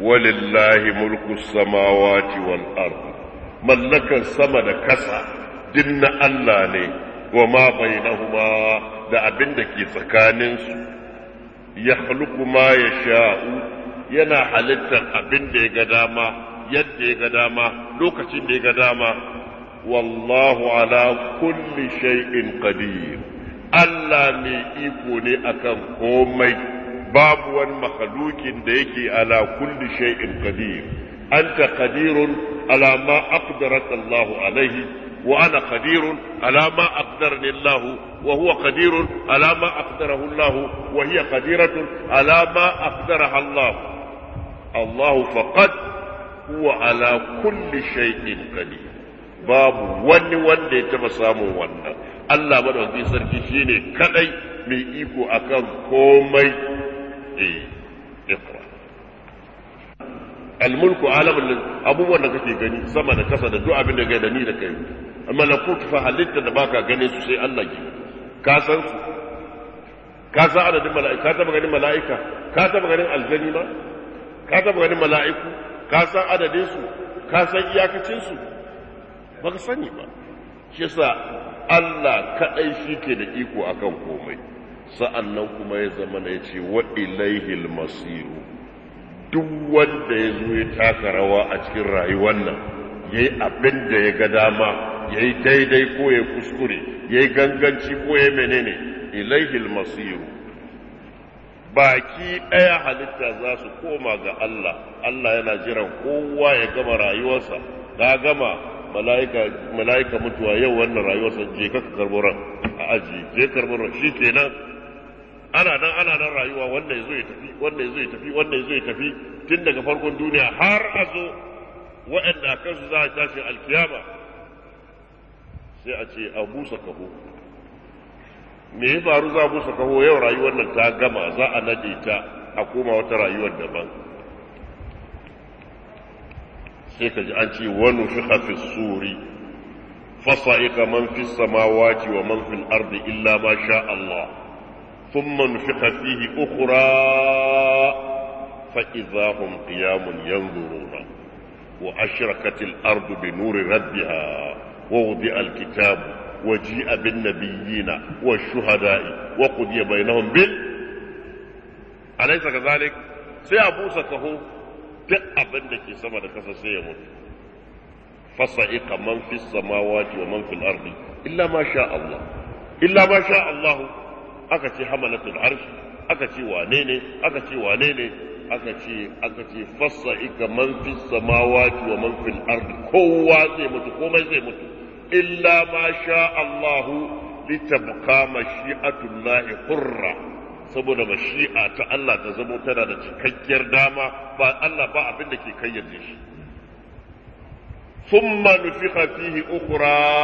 walillahi mulku samawati wal ard mallakan sama da kasa dinna na Allah ne wa ma bainahuma da abin da ke tsakaninsu yakhluqu ma sha'u yana halittar abin da ya ga dama yadda ya ga dama lokacin da ya ga dama wallahu ala kulli shay'in qadir Allah mai iko ne akan komai babu wani makalukin da yake ala kulli shay'in qadir anta qadirun ala ma aqdarat Allah alaihi wa ana qadirun ala ma أقدرني الله وهو قدير على ما أقدره الله وهي قديرة على ما أقدرها الله الله فقد هو على كل شيء قدير باب ون ون يتبسام ون الله بدأ في سركي كأي من إيكو أكام كومي إيه اقرأ الملك عالم abubuwan da kake gani sama da kasa da duk abin da ga malakut fa halitta da baka gane su sai Allah ke ka san su ka san adadin mala'ika ka taba ganin mala'ika ka taba ganin aljani ma ka taba ganin mala'iku ka san adadin su ka san iyakacin su ka sani ba shi yasa Allah kadai shike da iko akan komai nan kuma ya zama na yace wa ilaihil masiru duk wanda ya zo ya taka rawa a cikin rayuwar nan yayi abin da ya ga dama ya yi daidai ko ya kuskure ya yi ganganci ko ya menene ilaihil masiru baki ɗaya halitta za su koma ga Allah Allah yana jiran kowa ya gama rayuwarsa ka gama mala'ika mutuwa yau wannan rayuwarsa je ka karburan a aji je karburan shi kenan ana nan ana nan rayuwa wanda ya zo ya tafi wanda ya zo ya tafi wannan zai tafi tun daga farkon duniya har a zo waɗanda a kansu za a tashi alkiyama sai a ce a busa kaho me ya faru za a busa kaho yau rayuwar nan ta gama za a nade ta a koma wata rayuwar daban sai ka ji an ce wani fi hafi suri fasa ika man fi samawati wa man fi ardi illa ma sha Allah sun man fi hafi ukura ثم za hun أخرى yanzu rona wa ashirakatil ardu bi nuri rabbiha ووضع الكتاب وجيء بالنبيين والشهداء وقضي بينهم بال أليس كذلك سيبوسكه duk abin da ke sama da kasa sai ya mutu fasa'iqa man fi samawati wa man fil ardi illa ma sha illa ma sha aka ce hamalatul arshi aka ce wane ne aka ce wane aka ce aka ce man wa man kowa zai mutu komai zai mutu إلا ما شاء الله لتبقى مشيئة الله حرة saboda mashi'a ta Allah ta zamo tana da cikakkiyar dama ba Allah ba abin da ke kayyade shi thumma nufiha fihi ukhra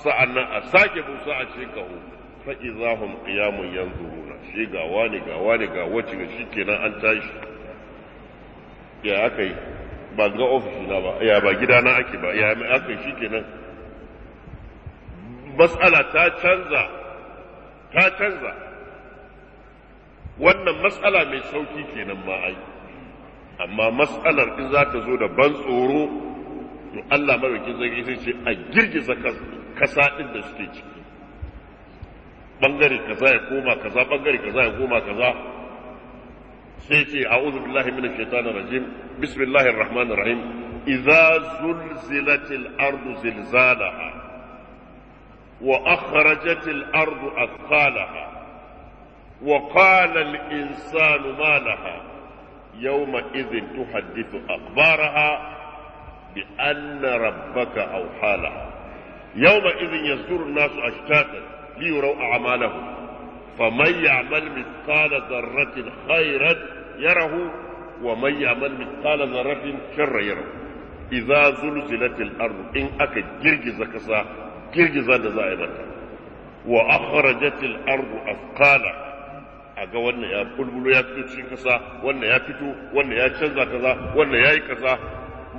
sa'annan a sake busa a ce kaho fa idahum qiyamun yanzuruna shi ga wani ga wani ga wace ga shikenan an tashi ya akai ba ga ofishi na ba ya ba gidana ake ba ya akai shikenan matsala ta canza ta canza wannan matsala mai sauki kenan ma ai amma matsalar in za ta zo da ban tsoro to Allah madaukin zai sai ce a girgiza kasa din da suke ciki bangare kaza ya koma kaza bangare kaza ya koma kaza sai ce a'udhu billahi minash shaitanir rajim bismillahir rahmanir rahim idza zulzilatil ardu zilzalaha وأخرجت الأرض أثقالها وقال الإنسان ما لها يومئذ تحدث أخبارها بأن ربك أوحى لها يومئذ يزور الناس أشتاتا ليروا أعمالهم فمن يعمل مثقال ذرة خيرا يره ومن يعمل مثقال ذرة شرا يره إذا زلزلت الأرض إن أكد جرجز كسا girgiza da za a yi mata wa akhrajatil ardu afqala a wannan ya bulbulo ya fito cikin kasa wannan ya fito wannan ya canza kaza wannan yayi kaza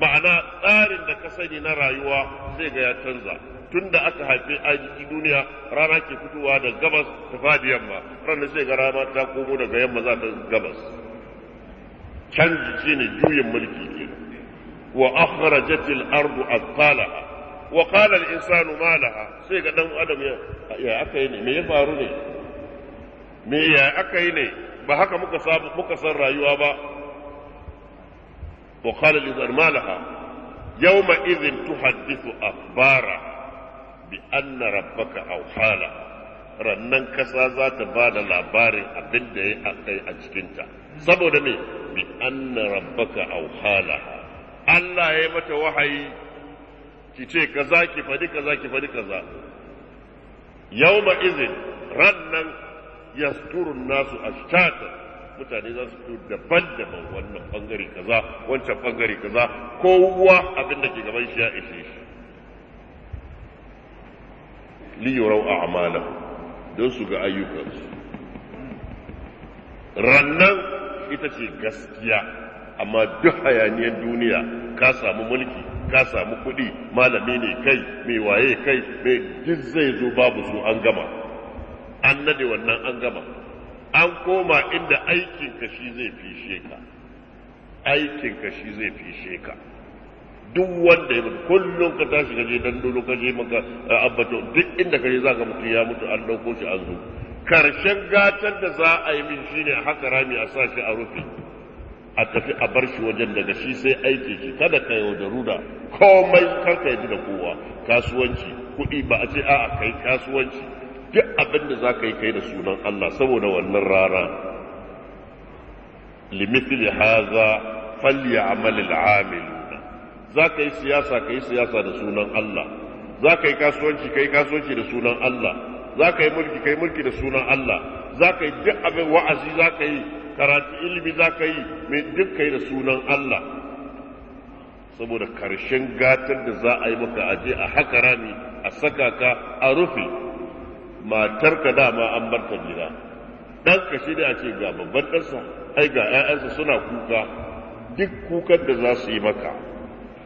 ma'ana tsarin da ka sani na rayuwa zai ga ya canza tunda aka haifi a duniya rana ke fitowa da gabas ta fadi yamma rana zai ga rana ta komo daga yamma za ta gabas canji shine juyin mulki ke wa akhrajatil ardu asqalaha wa qala al-insanu ma laha sai ga dan adam ya ya aka yi ne me ya faru ne me ya aka yi ne ba haka muka sabu muka san rayuwa ba wa qala al-insanu ma laha yawma idhin tuhaddithu akhbara bi anna rabbaka awhala rannan kasa za ta ba da labarin abin da ya akai a cikinta saboda me bi anna rabbaka awhala Allah ya yi mata wahayi ki ce kaza ki faɗi kaza ki faɗi kaza ma izin rannan yasturun nasu a ashtatan mutane za su fito daban-daban wannan bangare kaza wancan bangare kaza kowa abin da ke gaban shi ya ishe shi liyurau a'malahum don su ga ayyukansu rannan ita ce gaskiya amma duk hayaniyar duniya ka samu mulki ka samu kuɗi malami ne kai mai waye kai mai duk zai zo babu su an gama an nade wannan an gama an koma inda aikinka shi zai fishe ka aikinka shi zai fishe ka duk wanda ya mutu kullum ka tashi ka je dan dolo ka je maka abbato duk inda ka je zaka mutu ya mutu an dauko shi an zo karshen gatar da za a yi min shine haka rami a sa shi a rufe a tafi a bar shi wajen daga shi sai aiki shi kada ka yaudaru da komai karka yi da kowa kasuwanci kuɗi ba a ce a'a kai kasuwanci duk abin da za ka yi kai da sunan Allah saboda wannan rara limithli haza falyamal al'amiluna za ka yi siyasa ka yi siyasa da sunan Allah za ka yi kasuwanci ka yi kasuwanci da sunan Allah za ka yi mulki ka yi mulki da sunan Allah za ka yi duk abin wa'azi za ka yi karatu ilimi za ka yi mai duk yi da sunan Allah saboda karshen gatar da za a yi maka aje a haka rami a saka ka a rufe matarka dama an bar ta gida dan ka shi a ce ga babban ɗansa ai ga 'ya'yansa suna kuka duk kukan da za su yi maka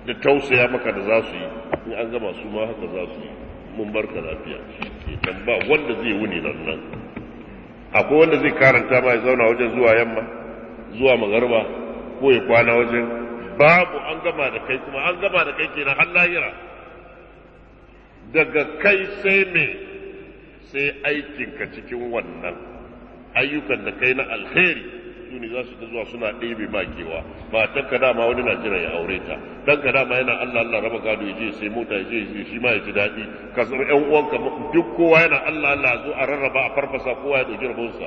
da tausaya maka da za su yi in an gama su ma haka za su yi mun barka lafiya shi ke ba wanda zai wuni nan nan akwai wanda zai karanta ma ya zauna wajen zuwa yamma zuwa magarba ko ya kwana wajen babu an gama da kai kuma an gama da kai ke na halayira. daga kai sai me sai aikinka cikin wannan ayyukan da kai na alheri su ne za su ta zuwa suna ɗebe makewa matar ka dama wani na jira ya aure ta dan ka dama yana Allah Allah raba gado ya je sai mota ya je shi ma ya ji daɗi ka san ƴan uwanka duk kowa yana Allah Allah zo a rarraba a farfasa kowa ya ɗauki rabonsa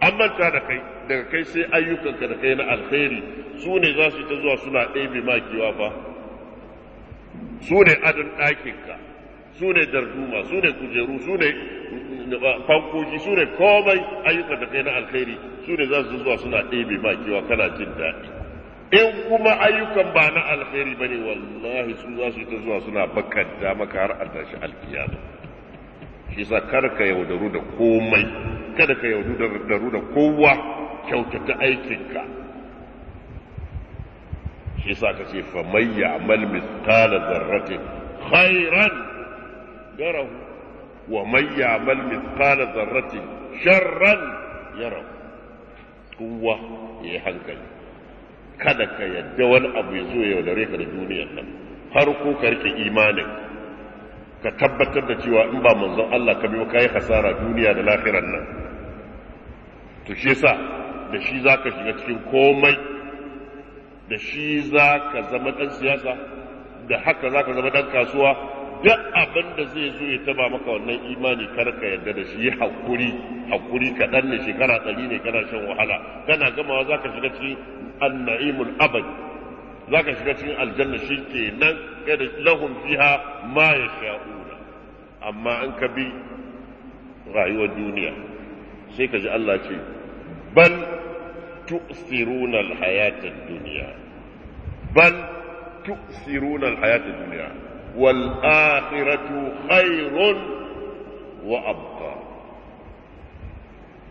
an manta da kai daga kai sai ayyukanka da kai na alkhairi su ne za su ta zuwa suna ɗebe makewa ba su ne adon ɗakinka su darduma su kujeru su ne eh, fankoki su komai ayyukan da kai na alkhairi su ne za su zuwa suna ɗebe ma kewa kana jin daɗi in kuma ayyukan ba na alkhairi bane wallahi su za su ta zuwa suna bakanta maka har a tashi alkiyama shi sa kar ka yaudaru da komai kada ka yaudaru da kowa kyautata aikinka shi sa ka ce fa mayya amal mithala zarratin khairan yarahu wa يعمل مثقال mithqala شرا يره yarahu يا حنكل hankali kada ka yadda wani abu ya zo yaudare ka da duniyar nan har ko ka rike imanin ka tabbatar da cewa in ba manzon Allah ka biyo kai hasara duniya da lahiran nan to shi yasa da shi zaka shiga cikin komai da shi zaka zama dan siyasa da haka zaka zama dan kasuwa duk abin da zai zo ya taba maka wannan imani karka yarda da shi hakuri hakuri kaɗan ne shekara ɗari ne kana shan wahala kana gamawa za ka shiga cikin annaimul abad za ka shiga cikin aljanna shi ke nan kada lahum fiha ma ya sha'una amma an ka bi rayuwar duniya sai ka ji Allah ce bal tu'siruna al-hayata duniya. dunya bal tu'siruna al-hayata dunya والآخرة خير وأبقى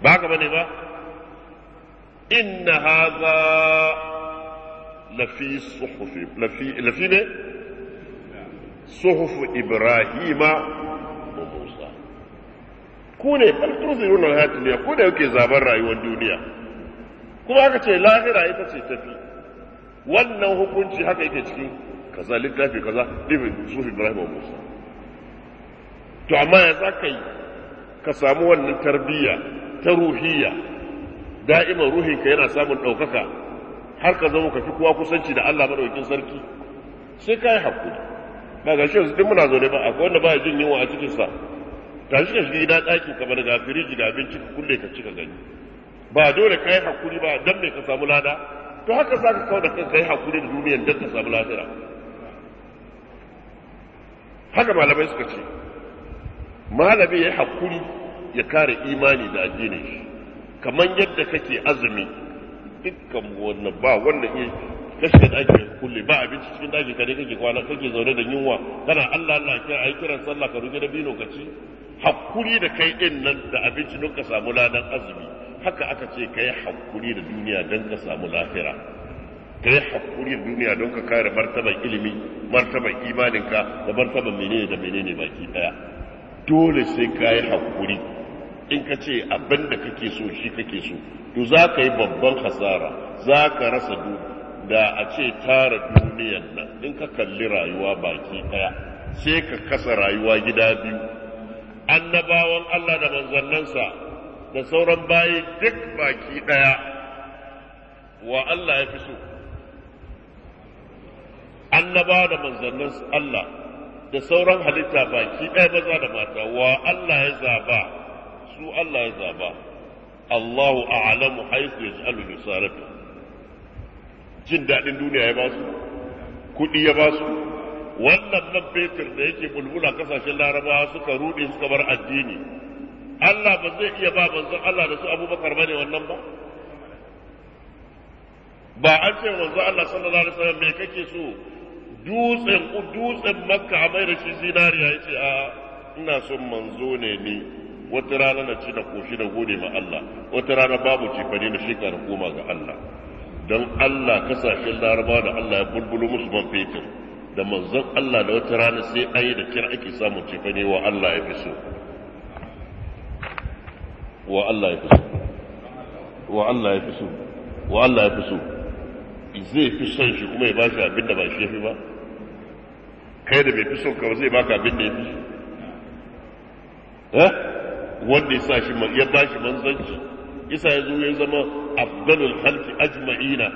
بعد ما إن هذا لفي صحف لفي لفي صحف إبراهيم وموسى كوني هل تنظرون الحياة الدنيا كوني يوكي زابر رأي الدنيا كما أكتشي الآخرة يتسي تفي wannan hukunci haka yake cikin kaza littafi kaza ibn sufi ibrahim musa to amma ya za ka yi ka samu wannan tarbiyya ta ruhiyya da'iman ruhinka yana samun ɗaukaka har ka zama ka fi kowa kusanci da Allah maɗaukin sarki sai ka yi haƙuri ba ga shi duk muna zaune ba akwai wanda ba jin yunwa a cikinsa shi ka shiga gida ɗaki ka bar ga firiji da abinci ka kulle ka ci ka gani ba dole ka yi haƙuri ba dan me ka samu lada to haka za ka kawo da kanka yi haƙuri da duniyar don ka samu lada haka malamai suka ce malami ya hakuri ya kare imani da addinin shi kamar yadda kake azumi dukkan wannan ba wanda iya kashe ɗakin kulle ba abinci cikin daji kare kake kwana kake zaune da yunwa kana Allah Allah kira ai kiran sallah ka ruge da bino ka ci hakuri da kai din nan da abinci don ka samu ladan azumi haka aka ce kai hakuri da duniya dan ka samu lafira. ka yi haƙurin duniya don ka kare martaban ilimi martaban imaninka da martaban menene da menene baki daya dole sai ka yi haƙuri in ka ce abin da kake so shi kake so to za ka yi babban hasara za ka rasa da a ce tara duniyan nan in ka kalli rayuwa baki daya sai ka kasa rayuwa gida biyu annabawan Allah da manzannansa da sauran bayi duk baki daya wa Allah ya fi so annaba da manzannin Allah da sauran halitta baki ɗaya maza da mata wa Allah ya zaba su Allah ya zaba Allahu a'lamu haythu yaj'alu yusarafu jin daɗin duniya ya basu kuɗi ya basu wannan nan fetur da yake bulbula kasashen larabawa suka ruɗe suka bar addini Allah ba zai iya ba manzon Allah da su Abubakar bane wannan ba ba an ce wanzu Allah sallallahu alaihi wasallam me kake so dutsen dutsen makka a mai da shi zinariya ya ce a ina son manzo ne ni wata rana na ci da koshi da gode ma Allah wata rana babu cefane na shekara koma ga Allah don Allah kasashen laraba da Allah ya bulbulo musu man fetur da manzon Allah da wata rana sai an yi da kira ake samun cefane wa Allah ya fi so wa Allah ya fi so wa Allah ya fi so wa Allah ya fi so zai fi son shi kuma ya ba shi abin da ba shi ya fi ba kai da bai fi son ka zai baka abin da ya fi eh wanda ya sa shi ya ba shi manzanci isa ya zo ya zama afdalul halki ajma'ina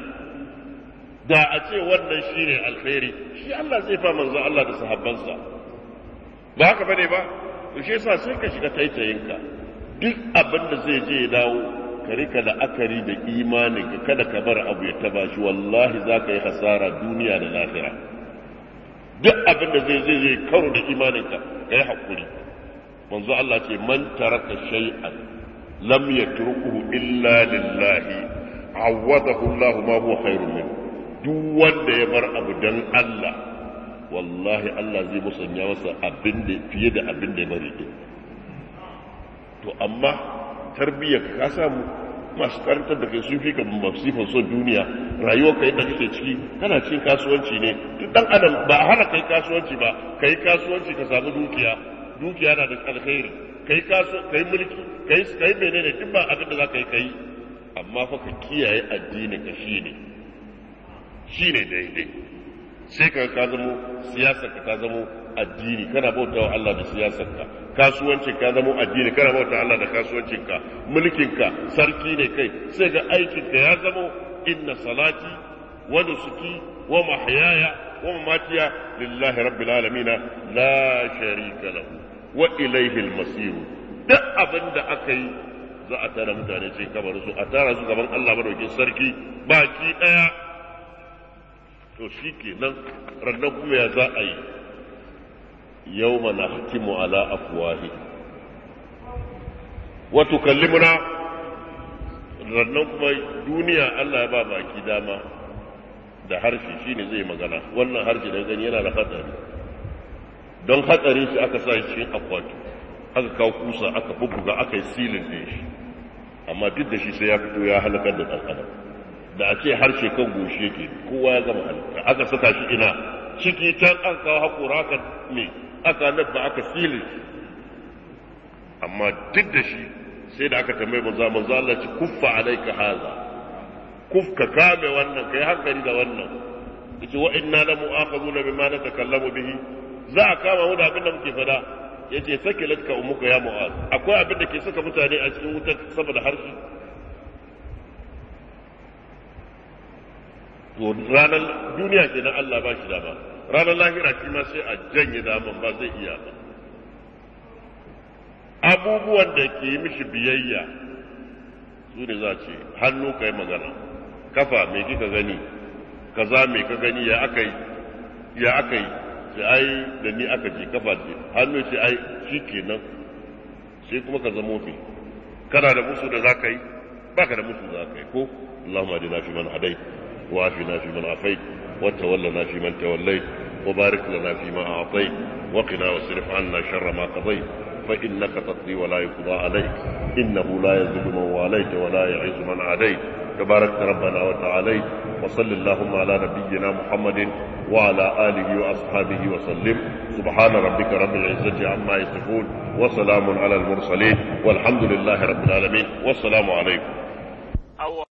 da a ce wannan ne alkhairi shi Allah zai fa manzo Allah da sahabbansa ba haka bane ba to shi yasa sai ka shiga taitayinka duk abin da zai je ya dawo kare ka la'akari da imanin ka kada ka bar abu ya taba shi wallahi za ka yi hasara duniya da lahira duk abin da zai zai zai karo da imaninka ka yi haƙuri manzo Allah ce man taraka shay'an lam yatrukuhu illa lillahi awadahu Allah ma huwa khairun min duk wanda ya bar abu dan Allah wallahi Allah zai musanya masa abin da fiye da abin da ya bari to amma tarbiyyar ka samu masu karantar da kai sun fi ka masifin son duniya rayuwar kai da kake ciki kana cin kasuwanci ne duk dan adam ba a hana kai kasuwanci ba kai kasuwanci ka samu dukiya dukiya na da alkhairi kai kasu kai mulki kai kai menene duk ba abin da zaka yi kai amma fa ka kiyaye addini ka shine shine daidai sai ka ka zamo siyasa ka ta zamo addini kana bautawa Allah da siyasarka kasuwancin ka zama addini kana bautawa Allah da kasuwancinka ka mulkin ka sarki ne kai sai ga aikin ka ya zama inna salati wa nusuki wa mahyaya wa mamatiya lillahi rabbil alamin la sharika lahu wa ilayhi al-masir duk abin da aka yi za a tara mutane sai kabarin su a tara su gaban Allah madaukin sarki baki daya to shi kenan rannan kuma ya za a yi yawma nahtimu ala afwahi wa tukallimuna rannan kuma duniya Allah ya ba baki dama da harshe shine zai magana wannan harshe da gani yana da hatsari don hatsarin shi aka sa shi akwati aka kawo kusa aka bubuga aka yi silin din shi amma duk da shi sai ya fito ya halakar da ɗan'adam da a ce harshe kan goshi yake kowa ya gama halaka aka saka shi ina ciki can an kawo haƙura ka me aka ladda aka sile amma duk da shi sai da aka tambaye manzo manzo Allah ci kuffa alayka haza kufka kame wannan kai hankali da wannan yace wa inna la mu'aqabuna bima natakallamu bihi za a kama mu da abin da muke fada yace sake latka ummuka ya mu'az akwai abin da ke saka mutane a cikin wutar saboda harshe to ranar duniya na Allah ba shi da ba. ranar lahira shi ma sai a janye daman ba zai iya ba abubuwan da ke yi mishi biyayya su ne za ce hannu ka yi magana kafa mai kika gani kaza mai ka gani ya aka yi ya aka yi sai ai da ni aka je kafa ce hannu sai ai shi ke nan sai kuma ka zamo fi kana da musu da za ka yi baka da musu za ka yi ko Allahumma adina fi man hadai wa afina fi man afai وتولنا في من توليت وبارك لنا فيما أعطيت وقنا واصرف عنا شر ما قضيت فإنك تقضي ولا يقضى عليك إنه لا يذل من واليت ولا يعز من عليك تبارك ربنا وتعاليت وصل اللهم على نبينا محمد وعلى آله وأصحابه وسلم سبحان ربك رب العزة عما يصفون وسلام على المرسلين والحمد لله رب العالمين والسلام عليكم